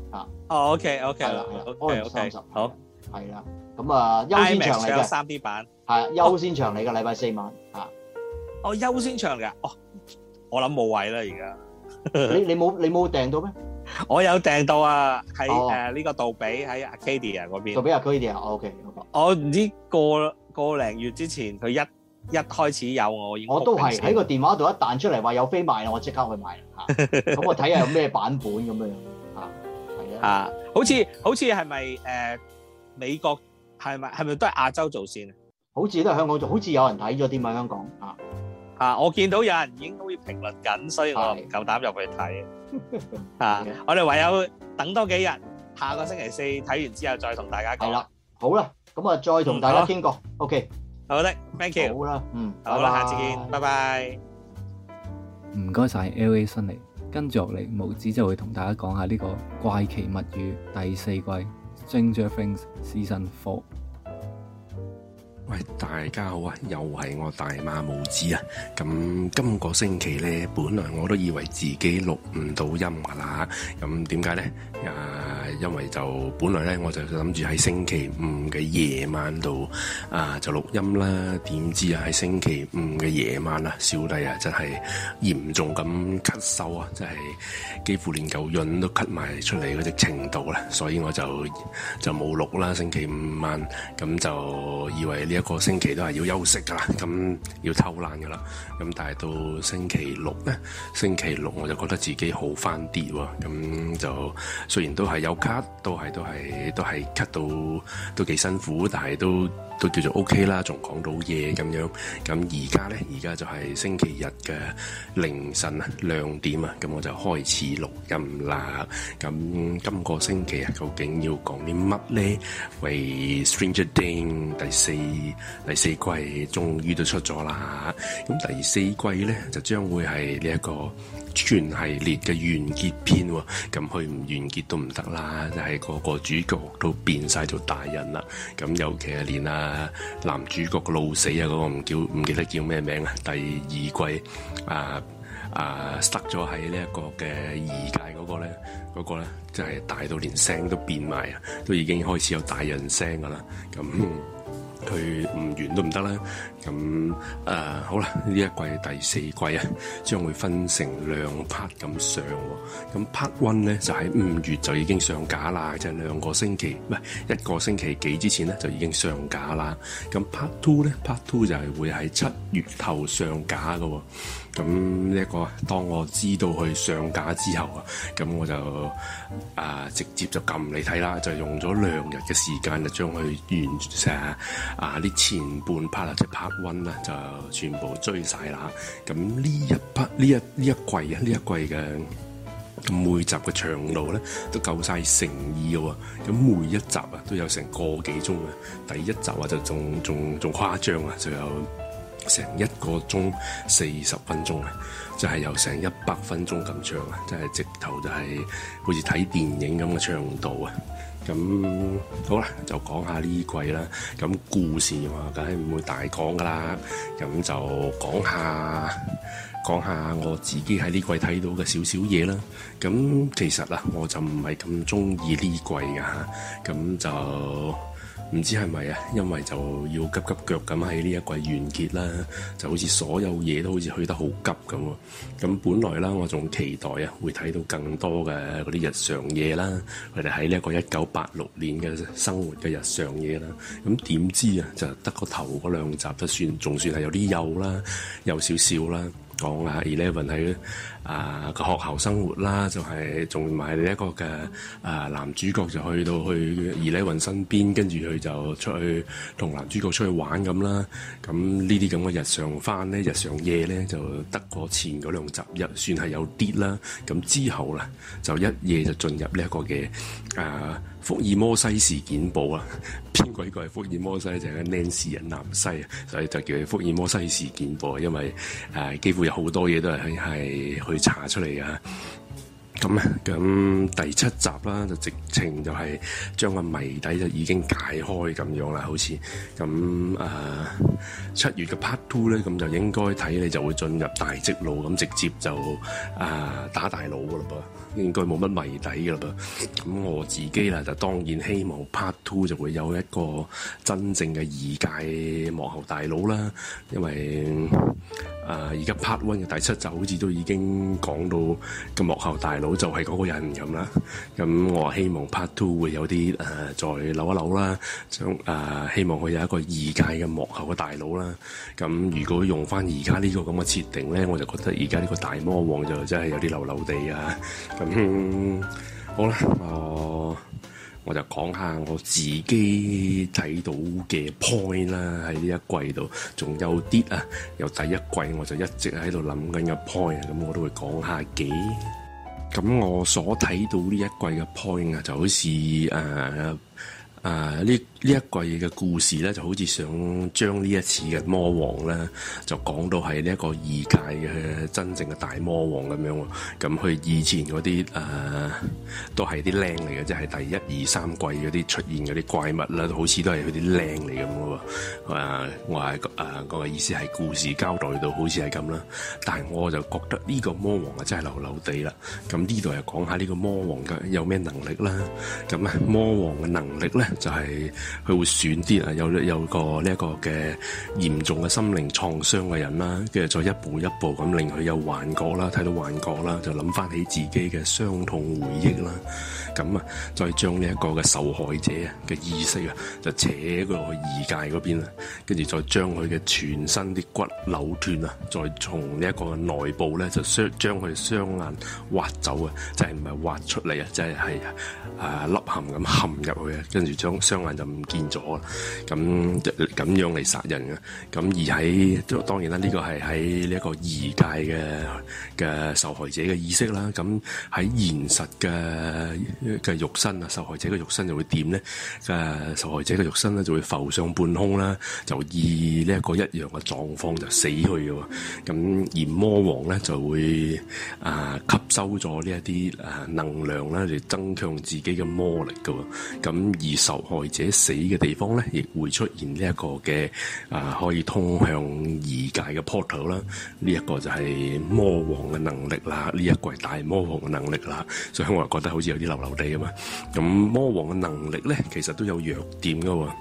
哦，OK，OK，係啦，係、okay, 啦、okay, okay, okay,，安人三十，好、okay,，係啦，咁啊，優先場嚟嘅，三 D 版，係優先場嚟嘅，禮拜四晚啊，哦、oh,，優先場嘅，哦、oh,，我諗冇位啦而家，你你冇你冇訂到咩？ 我有訂到啊，喺誒呢個杜比喺 Arcadia 嗰邊，杜、uh, 比 Arcadia，OK，、okay, okay, 我唔知過個零月之前佢一一開始有我，我都係喺個電話度一彈出嚟話有飛賣啦，我即刻去買，吓、 啊，咁我睇下有咩版本咁樣。啊，好似好似係咪誒，美國係咪係咪都係亞洲做先啊？好似都係香港做，好似有人睇咗啲咪香港啊啊！我見到有人已經都會評論緊，所以我唔夠膽入去睇啊！ 我哋唯有等多幾日，下個星期四睇完之後再同大家講。係啦，好啦，咁啊再同大家傾過、嗯。OK，好的，thank you。好啦，嗯，好啦，下次見，拜拜。唔該晒，LA 辛尼跟住落嚟毛子就會同大家講下這個怪奇物語第四季《Stranger Things》Season 4。喂，大家好啊！又係我大馬毛子啊！咁今個星期咧，本來我都以為自己錄唔到音噶啦。咁點解咧？啊，因為就本來咧，我就諗住喺星期五嘅夜晚度啊，就錄音啦。點知啊，喺星期五嘅夜晚啊，小弟啊，真係嚴重咁咳嗽啊，真係幾乎連舊潤都咳埋出嚟嗰隻程度啦，所以我就就冇錄啦。星期五晚咁就以為呢個星期都係要休息噶啦，咁要偷懶噶啦，咁但係到星期六咧，星期六我就覺得自己好翻啲喎，咁就雖然都係有咳，都係都係都係咳到都幾辛苦，但係都。都叫做 O、OK、K 啦，仲講到嘢咁樣，咁而家咧，而家就係星期日嘅凌晨啊，兩點啊，咁我就開始錄音啦。咁、嗯、今個星期究竟要講啲乜咧？喂《Stranger Things》第四第四季終於都出咗啦。咁第四季咧就將會係呢一個，全系列嘅完結篇，咁去唔完結都唔得啦，就係嗰個主角都變晒做大人啦。咁尤其係連啊男主角嘅老死啊，嗰個唔叫唔記得叫咩名啊？第二季啊啊塞咗喺呢一個嘅異界嗰個咧，嗰個咧真係大到連聲都變埋，都已經開始有大人聲噶啦。咁佢唔完都唔得啦，咁誒、呃、好啦，呢一季第四季啊，將會分成兩 part 咁上喎，咁 part one 咧就喺五月就已經上架啦，即、就係、兩個星期唔係一個星期幾之前咧就已經上架啦，咁 part two 咧 part two 就係會喺七月頭上架嘅。咁一、呢個，當我知道佢上架之後啊，咁我就啊、呃、直接就撳你睇啦，就用咗兩日嘅時間就將佢完成啊！呢前半 part 或者 part one 就全部追晒啦。咁呢一 part 呢一呢一季啊，呢一季嘅每集嘅長度咧都夠晒誠意嘅喎，咁每一集啊都，都有成個幾鐘啊，第一集啊就仲仲仲誇張啊，就有成一個鐘四十分鐘啊，就係由成一百分鐘咁長啊，即係直頭就係好似睇電影咁嘅長度啊。咁好啦，就講下呢季啦。咁故事話梗係唔會大講噶啦。咁就講下講下我自己喺呢季睇到嘅少少嘢啦。咁其實啦我就唔係咁中意呢季㗎。嚇。咁就。唔知係咪啊？因為就要急急腳咁喺呢一季完結啦，就好似所有嘢都好似去得好急咁喎。咁本來啦，我仲期待啊，會睇到更多嘅嗰啲日常嘢啦。佢哋喺呢一個一九八六年嘅生活嘅日常嘢啦。咁點知啊，就得個頭嗰兩集都算，仲算係有啲幼啦，有少少啦，講下 Eleven 喺。啊個學校生活啦，就係仲埋呢一個嘅啊男主角就去到去二奶雲身邊，跟住佢就出去同男主角出去玩咁啦。咁呢啲咁嘅日常翻咧、日常夜咧，就得過前嗰兩集日，算係有啲啦。咁之後啦，就一夜就進入呢一個嘅啊福爾摩西事件簿啊，邊鬼鬼係福爾摩西就係、是、Nancy 人南西啊，所以就叫福爾摩西事件簿，因為誒、啊、幾乎有好多嘢都係係。會查出嚟㗎！咁咁第七集啦，就直情就係將個謎底就已經解開咁樣啦，好似咁啊七月嘅 Part Two 咧，咁就應該睇你就會進入大直路，咁直接就啊打大佬噶啦噃。應該冇乜謎底噶啦噃，我自己啦就當然希望 Part Two 就會有一個真正嘅異界幕後大佬啦，因為啊而家 Part One 嘅第七集好似都已經講到個幕後大佬就係嗰個人咁啦，咁我希望 Part Two 會有啲誒、呃、再扭一扭啦，將啊、呃、希望佢有一個異界嘅幕後嘅大佬啦。咁如果用翻而家呢個咁嘅設定咧，我就覺得而家呢個大魔王就真係有啲流流地啊～咁、嗯、好啦、哦，我我就講下我自己睇到嘅 point 啦，喺呢一季度仲有啲啊，由第一季我就一直喺度諗緊嘅 point 啊，咁我都會講下嘅。咁我所睇到呢一季嘅 point 啊，就好似誒誒呢。這個呢一季嘅故事咧，就好似想將呢一次嘅魔王咧，就講到係呢一個異界嘅真正嘅大魔王咁樣。咁佢以前嗰啲誒都係啲靚嚟嘅，即、就、係、是、第 1, 2, 一二三季嗰啲出現嗰啲怪物啦，好似都係佢啲靚嚟咁喎。誒、啊，我係誒個意思係故事交代到好似係咁啦。但係我就覺得呢個魔王啊真係流流地啦。咁呢度又講下呢個魔王嘅有咩能力啦。咁啊，魔王嘅能力咧就係、是。佢會損啲啊，有有個呢一個嘅嚴重嘅心靈創傷嘅人啦，跟住再一步一步咁令佢有幻覺啦，睇到幻覺啦，就諗翻起自己嘅傷痛回憶啦，咁啊，再將呢一個嘅受害者嘅意識啊，就扯過去異界嗰邊啊，跟住再將佢嘅全身啲骨扭斷啊，再從呢一個內部咧就雙將佢雙眼挖走啊，即係唔係挖出嚟啊，即係係啊凹陷咁陷入去啊，跟住將雙眼就唔見咗，咁咁樣嚟殺人啊，咁而喺當然啦，呢個係喺呢一個異界嘅嘅受害者嘅意識啦。咁喺現實嘅嘅肉身啊，受害者嘅肉身就會點咧？嘅受害者嘅肉身咧就會浮上半空啦，就以呢一個一樣嘅狀況就死去嘅。咁而魔王咧就會啊吸收咗呢一啲啊能量咧就增強自己嘅魔力嘅。咁而受害者死死嘅地方咧，亦會出現呢一個嘅啊，可以通向異界嘅 portal 啦。呢一個就係魔王嘅能力啦，呢一個係大魔王嘅能力啦。所以我就覺得好似有啲流流地啊嘛。咁魔王嘅能力咧，其實都有弱點噶、啊。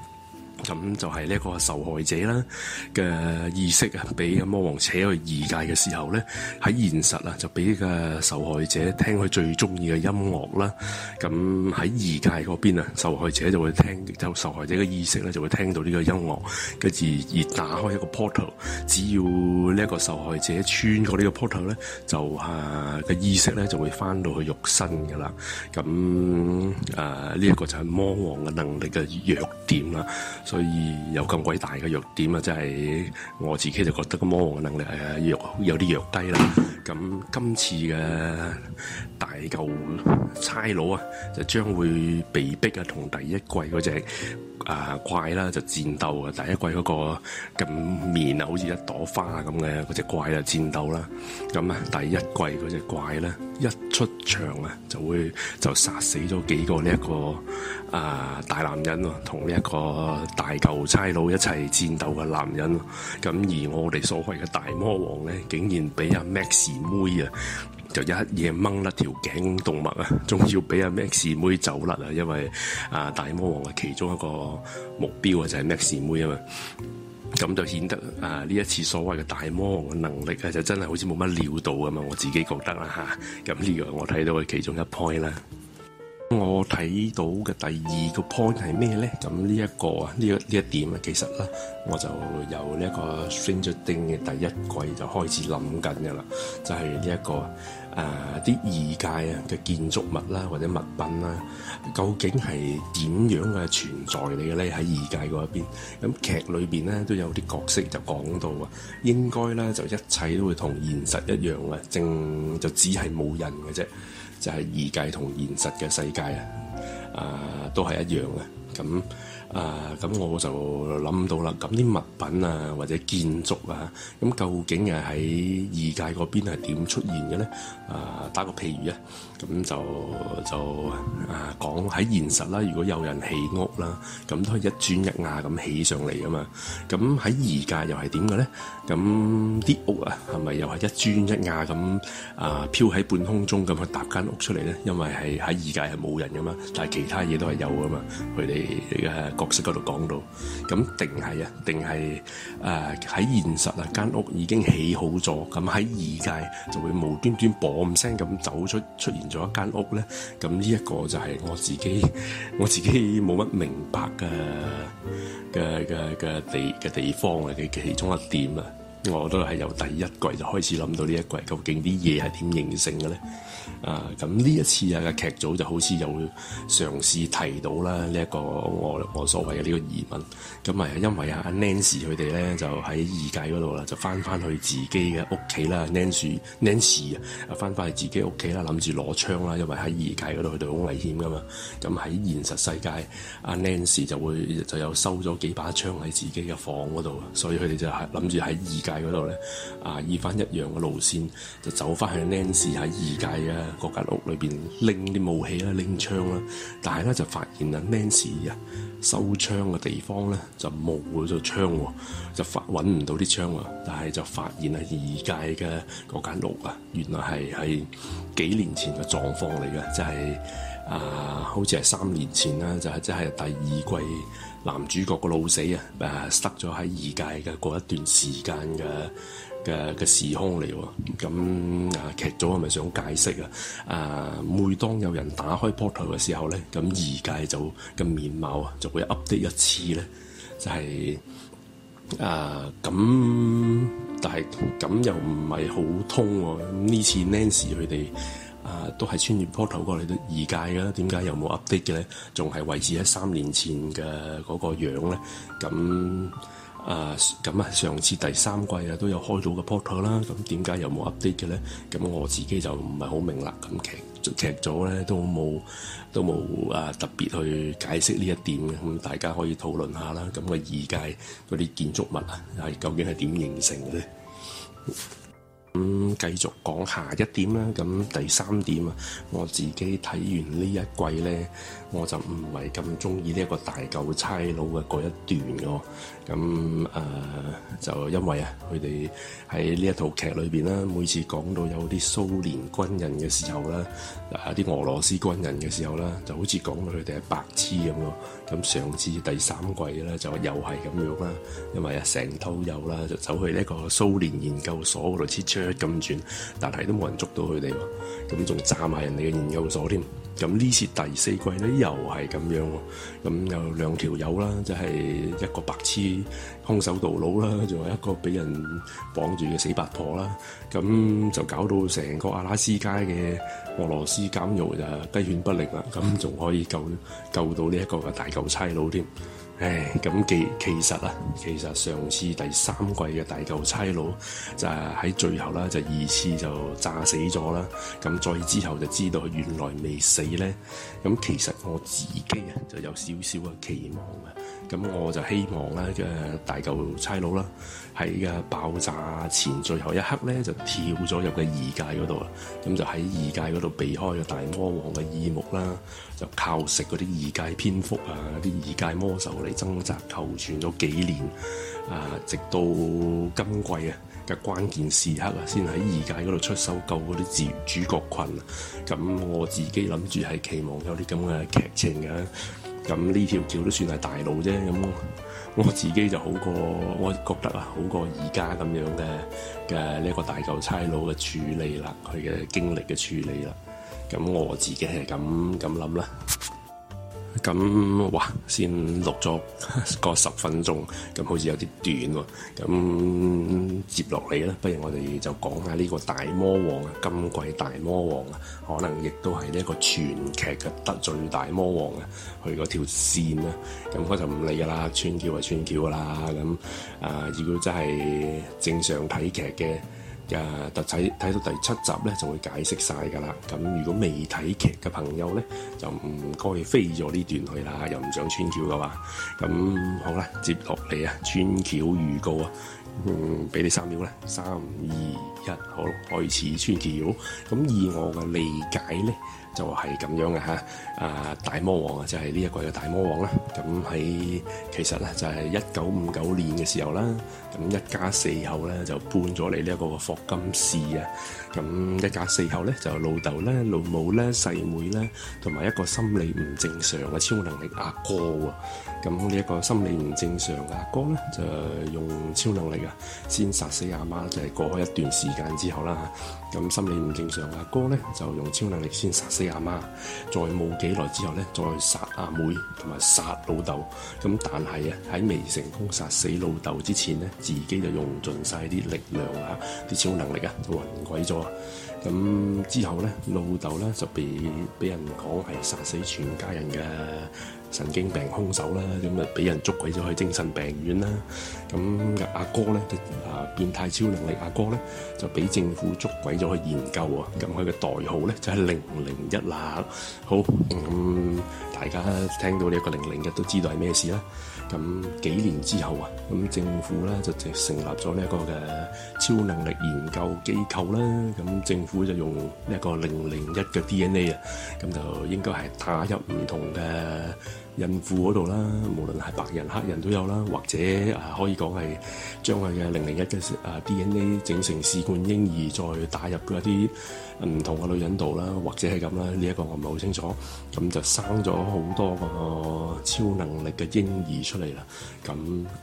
咁就係呢一個受害者啦嘅意識啊，俾阿魔王扯去異界嘅時候咧，喺現實啊就俾呢個受害者聽佢最中意嘅音樂啦。咁喺異界嗰邊啊，受害者就會聽，就受害者嘅意識咧就會聽到呢個音樂，跟住而打開一個 portal。只要呢一個受害者穿過呢個 portal 咧，就啊嘅意識咧就會翻到去肉身噶啦。咁啊呢一個就係魔王嘅能力嘅弱點啦。所以有咁鬼大嘅弱點啊，真係我自己就覺得個魔王嘅能力係弱，有啲弱低啦。咁今次嘅大嚿差佬啊，就將會被逼啊，同第一季嗰隻啊怪啦就戰鬥啊。第一季嗰個咁面啊，好似一朵花咁嘅嗰隻怪啊戰鬥啦。咁啊，第一季嗰隻怪咧一出場啊就會就殺死咗幾個呢、這、一個。啊，大男人咯，同呢一個大舊差佬一齊戰鬥嘅男人咯，咁而我哋所謂嘅大魔王咧，竟然俾阿 Max 妹啊，就一夜掹甩條頸動脈啊，仲要俾阿 Max 妹走甩啊，因為啊大魔王嘅其中一個目標啊就係 Max 妹啊嘛，咁就顯得啊呢一次所謂嘅大魔王嘅能力啊就真係好似冇乜料到啊嘛，我自己覺得啦吓，咁呢樣我睇到嘅其中一 point 啦。我睇到嘅第二個 point 係咩咧？咁呢一個啊，呢個呢一點啊，其實啦，我就由呢一個《Stranger Things》嘅第一季就開始諗緊噶啦，就係呢一個誒，啲、呃、異界啊嘅建築物啦，或者物品啦，究竟係點樣嘅存在嚟嘅咧？喺異界嗰一邊，咁劇裏邊咧都有啲角色就講到啊，應該咧就一切都會同現實一樣啦，正就只係冇人嘅啫。就係異界同現實嘅世界啊！啊，都係一樣嘅咁。啊，咁我就諗到啦，咁啲物品啊，或者建築啊，咁究竟係喺異界嗰邊係點出現嘅咧？啊，打個譬如啊，咁就就啊講喺現實啦，如果有人起屋啦，咁都係一磚一瓦咁起上嚟啊嘛。咁喺異界又係點嘅咧？咁啲屋啊，係咪又係一磚一瓦咁啊飄喺半空中咁去搭間屋出嚟咧？因為係喺異界係冇人噶嘛，但係其他嘢都係有噶嘛，佢哋誒。角色嗰度講到，咁定係、呃、啊？定係誒喺現實啊？間屋已經起好咗，咁喺異界就會無端端噃唔聲咁走出出現咗一間屋咧。咁呢一個就係我自己我自己冇乜明白嘅嘅嘅嘅地嘅地方嚟嘅其中一點啊。我都係由第一季就開始諗到呢一季，究竟啲嘢係點形成嘅咧？啊，咁呢一次啊嘅劇組就好似有嘗試提到啦呢一個我我所謂嘅呢個疑問，咁啊因為啊 Nancy 佢哋咧就喺異界嗰度啦，就翻翻去自己嘅屋企啦，Nancy Nancy 啊，翻翻去自己屋企啦，諗住攞槍啦，因為喺異界嗰度佢哋好危險噶嘛。咁喺現實世界，阿 Nancy 就會就有收咗幾把槍喺自己嘅房嗰度，所以佢哋就係諗住喺異界嗰度咧啊，移翻一樣嘅路線就走翻去 Nancy 喺異界啊。嗰間屋裏邊拎啲武器啦，拎槍啦，但係咧就發現啦，Nancy 啊收槍嘅地方咧就冇咗槍，就發搵唔到啲槍啊！但係就發現啊，異界嘅嗰間屋啊，原來係係幾年前嘅狀況嚟嘅，就係、是、啊，好似係三年前啦、啊，就即、是、係第二季男主角個老死啊，誒、啊、塞咗喺異界嘅嗰一段時間嘅。嘅嘅時空嚟喎、哦，咁啊劇組係咪想解釋啊？啊，每當有人打開 portal 嘅時候咧，咁異界就嘅面貌啊，就會 update 一次咧，就係、是、啊咁，但係咁又唔係好通喎、啊。咁呢次 Nancy 佢哋啊都係穿越 portal 過嚟啲異界嘅，點解又冇 update 嘅咧？仲係維持喺三年前嘅嗰個樣咧？咁。啊，咁啊，上次第三季啊都有開到嘅 portal 啦，咁點解又冇 update 嘅咧？咁我自己就唔係好明啦。咁劇劇組咧都冇都冇啊特別去解釋呢一點嘅，咁大家可以討論下啦。咁個二界嗰啲建築物啊係究竟係點形成嘅咧？咁繼續講下一點啦。咁第三點啊，我自己睇完呢一季咧。我就唔係咁中意呢一個大嚿差佬嘅嗰一段嘅喎，咁、呃、就因為啊，佢哋喺呢一套劇裏面啦，每次講到有啲蘇聯軍人嘅時候啦，誒、啊、啲俄羅斯軍人嘅時候啦，就好似講到佢哋係白痴咁咯。咁上次第三季咧就又係咁樣啦，因為啊成套有啦，就走去呢個蘇聯研究所度切車咁轉，但係都冇人捉到佢哋嘛。咁仲炸埋人哋嘅研究所添。咁呢次第四季咧又係咁樣，咁有兩條友啦，就係一個白痴空手道佬啦，仲有一個俾人綁住嘅死八婆啦，咁、嗯、就搞到成個阿拉斯加嘅俄羅斯監獄就雞犬不力啦，咁、嗯、仲可以救救到呢一個嘅大舊差佬添。唉，咁其其實啊，其實上次第三季嘅大舊差佬就係喺最後啦，就二次就炸死咗啦。咁再之後就知道佢原來未死咧。咁其實我自己啊就有少少嘅期望嘅。咁我就希望咧嘅大舊差佬啦喺嘅爆炸前最後一刻咧就跳咗入嘅異界嗰度啦。咁就喺異界嗰度避開個大魔王嘅耳目啦。就靠食嗰啲異界蝙蝠啊，啲異界魔獸嚟掙扎求存咗幾年啊！直到今季啊嘅關鍵時刻啊，先喺異界嗰度出手救嗰啲自主角羣，啊。咁、啊、我自己諗住係期望有啲咁嘅劇情嘅，啊。咁呢條橋都算係大路啫。咁、啊、我，我自己就好過，我覺得啊，好過而家咁樣嘅嘅呢一個大舊差佬嘅處理啦，佢嘅經歷嘅處理啦。咁我自己係咁咁諗啦。咁哇，先錄咗個十分鐘，咁好似有啲短喎、啊。咁接落嚟啦，不如我哋就講下呢個大魔王啊，今季大魔王啊，可能亦都係呢一個全劇嘅得最大魔王啊。佢嗰條線啊，咁我就唔理噶啦，穿橋啊穿橋噶啦。咁、呃、啊，如果真係正常睇劇嘅。誒、啊，就睇睇到第七集咧，就會解釋晒㗎啦。咁如果未睇劇嘅朋友咧，就唔該飛咗呢段去啦，又唔想穿橋嘅話，咁好啦，接落嚟啊，穿橋預告啊，嗯，俾你三秒啦，三二一，好，開始穿橋。咁以我嘅理解咧。就係、是、咁樣嘅嚇，啊，大魔王啊就係呢一季嘅大魔王啦。咁喺其實咧就係一九五九年嘅時候啦，咁一家四口咧就搬咗嚟呢一個霍金市啊。咁一家四口咧就老豆咧、老母咧、細妹咧，同埋一個心理唔正常嘅超能力阿哥喎。咁呢一個心理唔正常嘅阿哥咧就用超能力啊，先殺死阿媽，就係、是、過開一段時間之後啦嚇。咁心理唔正常阿哥咧就用超能力先殺死阿媽，再冇幾耐之後咧，再殺阿妹同埋殺老豆。咁但係啊，喺未成功殺死老豆之前咧，自己就用盡晒啲力量啊，啲超能力啊，都暈鬼咗。咁之後咧，老豆咧就被俾人講係殺死全家人嘅。神經病兇手啦，咁啊俾人捉鬼咗去精神病院啦。咁阿哥咧，啊變態超能力阿哥咧，就俾政府捉鬼咗去研究啊。咁佢嘅代號咧就係零零一啦。好咁，大家聽到呢一個零零一都知道係咩事啦。咁幾年之後啊，咁政府咧就成立咗呢一個嘅超能力研究機構啦。咁政府就用呢一個零零一嘅 DNA 啊，咁就應該係打入唔同嘅。孕婦嗰度啦，無論係白人黑人都有啦，或者啊可以講係將佢嘅零零一嘅啊 DNA 整成試管嬰兒，再打入嗰啲。唔同嘅女人度啦，或者係咁啦，呢一個我唔係好清楚。咁就生咗好多個超能力嘅嬰兒出嚟啦。咁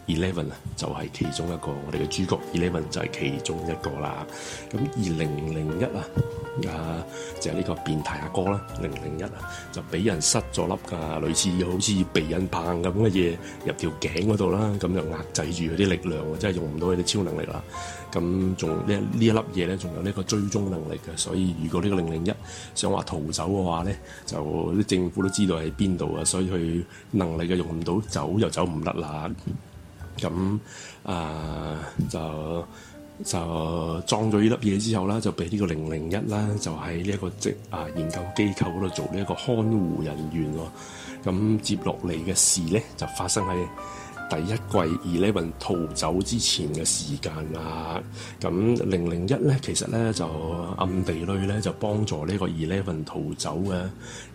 Eleven 啊，就係其中一個我哋嘅主角。Eleven 就係其中一個啦。咁二零零一啊，啊就係呢個變態阿哥啦，零零一啊就俾人塞咗粒㗎，類似好似避孕棒咁嘅嘢入條頸嗰度啦，咁就壓制住佢啲力量，真係用唔到佢啲超能力啦。咁仲呢呢一粒嘢咧，仲有呢個追蹤能力嘅，所以如果呢個零零一想話逃走嘅話咧，就啲政府都知道喺邊度啊，所以佢能力嘅用唔到，走又走唔甩啦。咁啊就就裝咗呢粒嘢之後啦，就俾呢個零零一啦，就喺呢一個即啊研究機構嗰度做呢一個看護人員喎。咁接落嚟嘅事咧，就發生喺第一季 Eleven 逃走之前嘅時間啊，咁零零一咧，其實咧就暗地裏咧就幫助呢個 Eleven 逃走嘅，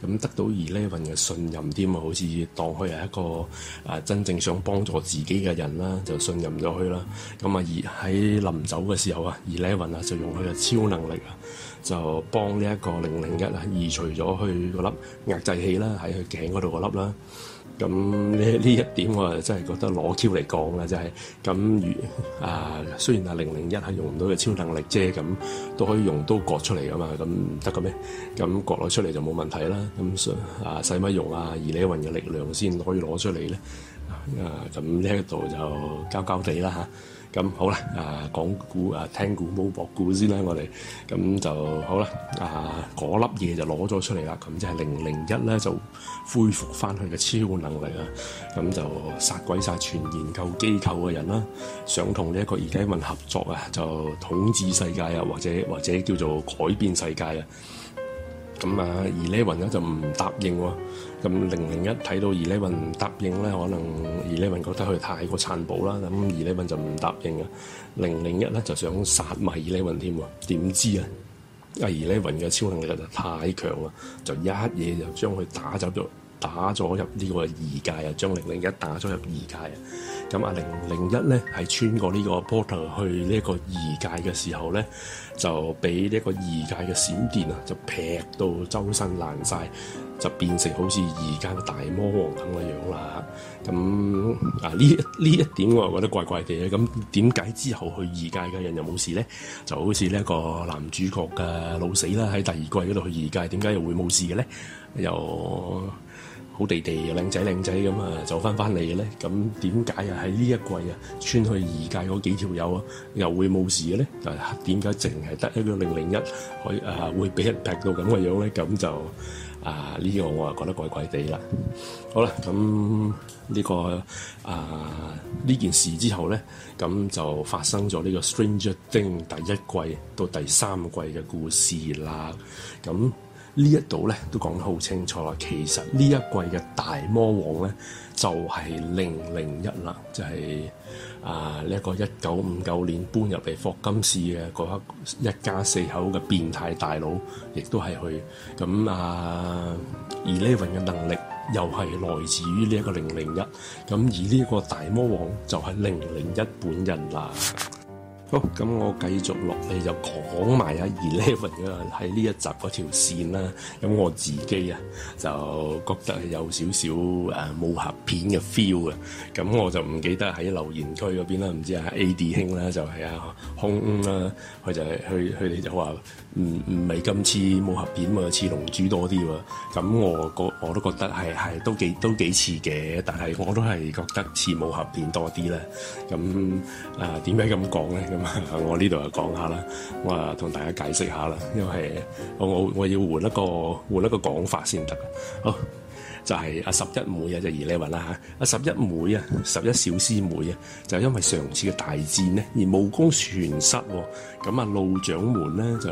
咁得到 Eleven 嘅信任添啊，好似當佢係一個啊真正想幫助自己嘅人啦，就信任咗佢啦。咁啊，而喺臨走嘅時候啊，Eleven 啊就用佢嘅超能力啊，就幫呢一個零零一啊移除咗去粒壓制器啦，喺佢頸嗰度，嗰粒啦。咁呢呢一點我真係覺得攞 Q 嚟講啦，就係咁如啊，雖然啊零零一係用唔到嘅超能力啫，咁都可以用刀割出嚟噶嘛，咁得嘅咩？咁割攞出嚟就冇問題啦。咁啊，使乜用啊？二奶運嘅力量先可以攞出嚟咧？啊，咁呢一度就交交地啦吓咁好啦，啊講古啊聽古冇博古先啦，我哋咁就好啦，啊嗰粒嘢就攞咗出嚟啦，咁即係零零一咧就恢復翻佢嘅超能力啊，咁就殺鬼晒全研究機構嘅人啦，想同呢一個而家文合作啊，就統治世界啊，或者或者叫做改變世界啊。咁啊，二呢雲咧就唔答應喎。咁零零一睇到二呢雲唔答應咧，可能二呢雲覺得佢太過殘暴啦，咁二呢雲就唔答應啊。零零一咧就想殺埋二呢雲添喎，點知啊，二呢雲嘅超能力實在太強啦，就一嘢就將佢打走咗，打咗入呢個二界啊，將零零一打咗入二界啊。咁啊，零零一咧，係穿過呢個 portal 去呢個異界嘅時候咧，就俾呢個異界嘅閃電啊，就劈到周身爛晒，就變成好似異界嘅大魔王咁嘅樣啦。咁呢呢一點我又覺得怪怪地咧。咁點解之後去異界嘅人又冇事咧？就好似呢一個男主角嘅老死啦，喺第二季嗰度去異界，點解又會冇事嘅咧？又、哎。好地地，靚仔靚仔咁啊，走翻翻嚟嘅咧，咁點解啊喺呢一季啊穿去異界嗰幾條友啊，又會冇事嘅咧？啊，點解淨係得一個零零一，可以啊，會俾人劈到咁嘅樣咧？咁就啊，呢個我就覺得怪怪地啦。好啦，咁呢個啊呢件事之後咧，咁就發生咗呢個《Stranger Things》第一季到第三季嘅故事啦。咁。這呢一度咧都講得好清楚，其實呢一季嘅大魔王咧就係零零一啦，就係、是就是、啊呢一、這個一九五九年搬入嚟霍金市嘅嗰一一家四口嘅變態大佬，亦都係去咁啊。而 Eleven 嘅能力又係來自於呢一個零零一，咁而呢一個大魔王就係零零一本人啦。好、哦，咁我繼續落嚟就講埋下 Eleven 啦，喺呢一集嗰條線啦。咁我自己啊，就覺得係有少少誒武俠片嘅 feel 啊。咁我就唔記得喺留言區嗰邊啦，唔知係 AD 兄啦就係、是、啊空啦、啊，佢就係佢佢哋就話。唔、嗯、唔，咪咁似武俠片嘛，似龍珠多啲喎、啊。咁我我，我都覺得係係都幾都幾似嘅，但係我都係覺得似武俠片多啲、啊啊、呢。咁啊，點解咁講咧？咁啊，我呢度又講下啦。我啊，同大家解釋下啦，因為我我我要換一個換一個講法先得。好，就係阿十一妹啊，就 Eleven 啦嚇。阿十一妹啊，十一小師妹啊，就因為上次嘅大戰咧，而武功全失喎、啊。咁啊，老掌門咧就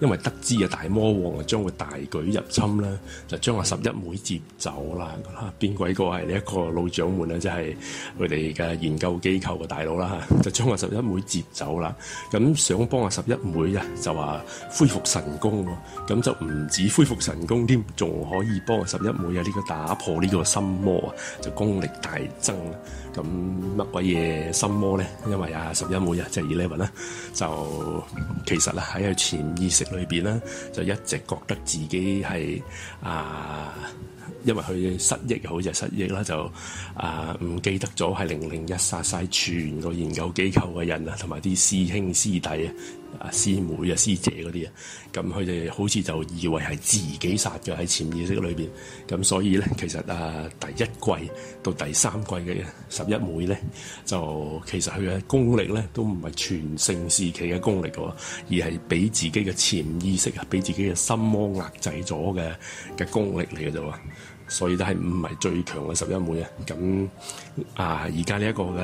因為得知啊大魔王啊將會大舉入侵啦，就將阿十一妹接走啦。嚇，邊鬼個係你一個老掌門啊？即係佢哋嘅研究機構嘅大佬啦嚇，就將阿十一妹接走啦。咁想幫阿十一妹啊，就話恢復神功喎。咁就唔止恢復神功添，仲可以幫阿十一妹啊呢個打破呢個心魔啊，就功力大增。咁乜鬼嘢心魔咧？因為啊十一妹，就是、11，就啊，即係 eleven 啦，就其實啦喺佢潛意識裏邊啦，就一直覺得自己係啊，因為佢失憶又好似失憶，就失憶啦，就啊唔記得咗係零零一殺晒全個研究機構嘅人啊，同埋啲師兄師弟啊。啊，師妹啊，師姐嗰啲啊，咁佢哋好似就以為係自己殺嘅，喺潛意識裏面。咁所以咧，其實啊，第一季到第三季嘅十一妹咧，就其實佢嘅功力咧都唔係全盛時期嘅功力喎，而係俾自己嘅潛意識啊，俾自己嘅心魔壓制咗嘅嘅功力嚟嘅啫喎。所以都係唔係最強嘅十一妹啊！咁、這個、啊，而家呢一個嘅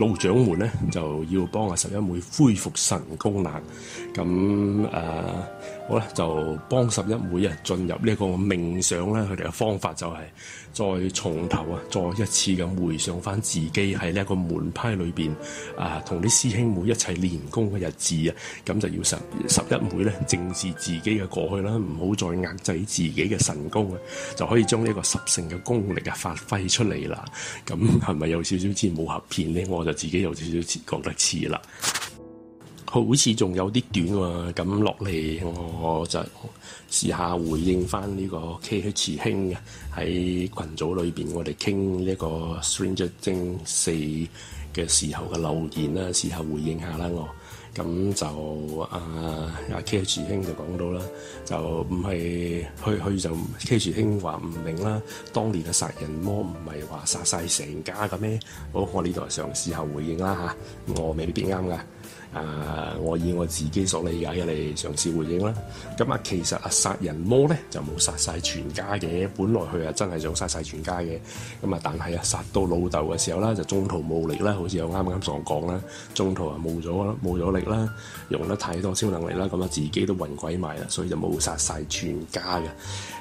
老掌門咧，就要幫阿十一妹恢復神功能。咁啊～好啦，就幫十一妹啊進入呢個冥想咧，佢哋嘅方法就係再從頭啊，再一次咁回想翻自己喺呢一個門派裏面啊，同啲師兄妹一齊練功嘅日子啊，咁就要十十一妹咧，正視自己嘅過去啦，唔好再壓制自己嘅神功啊，就可以將呢個十成嘅功力啊發揮出嚟啦。咁係咪有少少似武俠片呢？我就自己有少少覺得似啦。好似仲有啲短喎。啊，咁落嚟我就試下回應翻呢個 K H 慈兄嘅喺群組裏邊，我哋傾呢個 Stranger Things 四嘅時候嘅留言啦，試下回應下啦我。咁就啊，阿 K H 兄就講到啦，就唔係去去就 K H 慈兄話唔明啦。當年嘅殺人魔唔係話殺晒成家嘅咩？好，我呢度嘗試下回應啦嚇，我未必啱㗎。啊！我以我自己所理解嘅嚟嘗試回應啦。咁啊，其實啊，殺人魔咧就冇殺晒全家嘅。本來佢啊真係想殺晒全家嘅。咁啊，但係啊殺到老豆嘅時候啦，就中途冇力啦。好似我啱啱所講啦，中途啊冇咗冇咗力啦，用得太多超能力啦，咁啊自己都暈鬼埋啦，所以就冇殺晒全家嘅。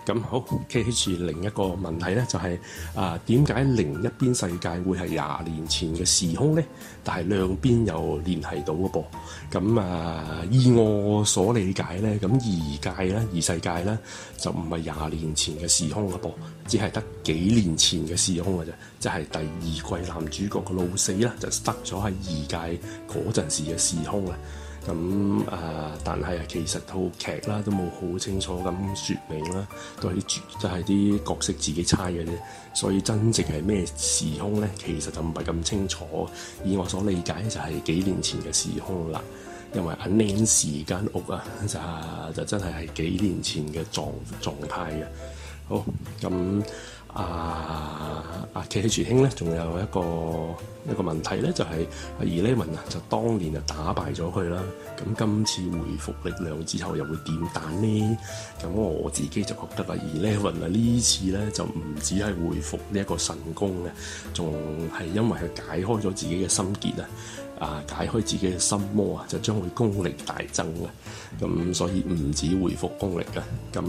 咁好，接住另一個問題咧，就係啊點解另一邊世界會係廿年前嘅時空咧？但係兩邊又聯繫到噃，咁啊，以我所理解咧，咁異界啦、異世界啦，就唔係廿年前嘅時空嘅噃，只係得幾年前嘅時空嘅啫。即係第二季男主角嘅老死啦，就得咗喺異界嗰陣時嘅時空啊。咁啊，但係其實套劇啦都冇好清楚咁説明啦，都係啲主，都係啲角色自己猜嘅啫。所以真正係咩時空咧，其實就唔係咁清楚。以我所理解就係幾年前嘅時空啦。因為阿 Lens 時間屋啊，就就真係係幾年前嘅狀狀態嘅、啊。好，咁。那啊！啊，謝絕兄咧，仲有一個一個問題咧，就係阿 Eleven 啊，就當年就打敗咗佢啦。咁今次回復力量之後，又會點彈呢，咁我自己就覺得啊，Eleven 啊，呢次咧就唔止係回復呢一個神功啊，仲係因為佢解開咗自己嘅心結啊，啊，解開自己嘅心魔啊，就將會功力大增啊。咁所以唔止回復功力啊。咁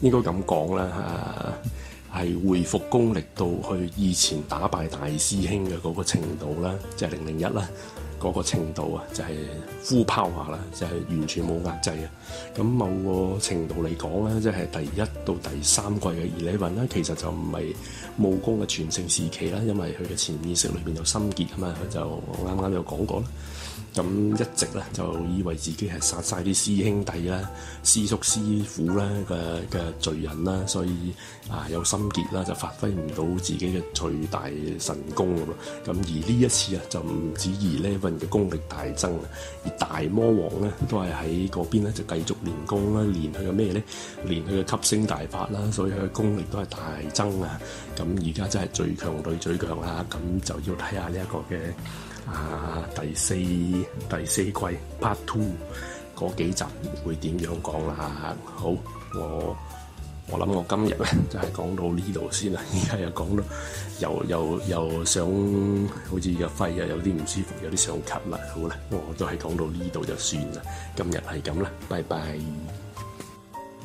應該咁講啦嚇係回復功力到佢以前打敗大師兄嘅嗰個程度啦，即係零零一啦。嗰個程度啊，就係呼拋下啦，就係完全冇壓制啊。咁某個程度嚟講咧，即係第一到第三季嘅二李雲咧，其實就唔係武功嘅全盛時期啦，因為佢嘅潛意識裏邊有心結啊嘛，佢就啱啱有講過啦。咁一直咧就以為自己係殺晒啲師兄弟啦、師叔師傅啦嘅嘅罪人啦，所以啊有心結啦，就發揮唔到自己嘅最大神功咁咯。咁而呢一次啊，就唔止而咧一份嘅功力大增啊。而大魔王咧都係喺嗰邊咧就繼續練功啦，練佢嘅咩咧？練佢嘅吸星大法啦，所以佢嘅功力都係大增啊。咁而家真係最強對最強啦，咁就要睇下呢一個嘅。啊！第四第四季 Part Two 嗰幾集會點樣講啦？好，我我諗我今日咧就係講到呢度先啦。而家又講到又又又想，好似個肺呀有啲唔舒服，有啲想咳啦。好啦，我都係講到呢度就算啦。今日係咁啦，拜拜。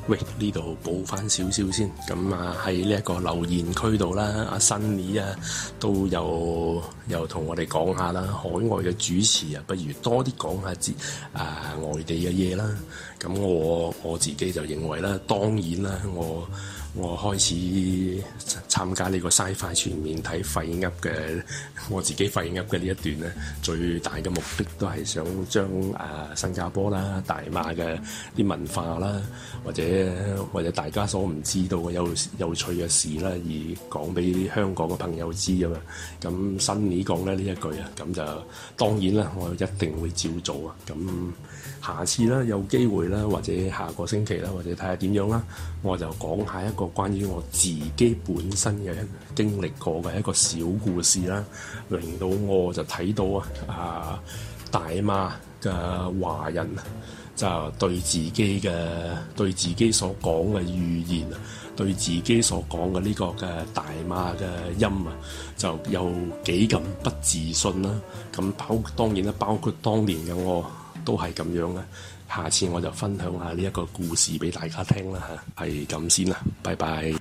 喂，呢度補翻少少先，咁啊喺呢一個留言區度啦，阿辛尼啊，啊都有，又同我哋講下啦，海外嘅主持啊，不如多啲講下啲啊外地嘅嘢啦，咁我我自己就認為啦，當然啦我。我開始參加呢個 SciFi 全面睇廢噏嘅，我自己廢噏嘅呢一段咧，最大嘅目的都係想將誒新加坡啦、大馬嘅啲文化啦，或者或者大家所唔知道嘅有有趣嘅事啦，而講俾香港嘅朋友知咁樣。咁 Sunny 講咧呢一句啊，咁就當然啦，我一定會照做啊。咁。下次啦，有機會啦，或者下個星期啦，或者睇下點樣啦，我就講下一個關於我自己本身嘅經歷過嘅一個小故事啦，令到我就睇到啊，大馬嘅華人就對自己嘅對自己所講嘅語言，對自己所講嘅呢個嘅大馬嘅音啊，就有幾咁不自信啦。咁包當然啦，包括當年嘅我。都係咁樣咧，下次我就分享下呢一個故事俾大家聽啦嚇，係咁先啦，拜拜。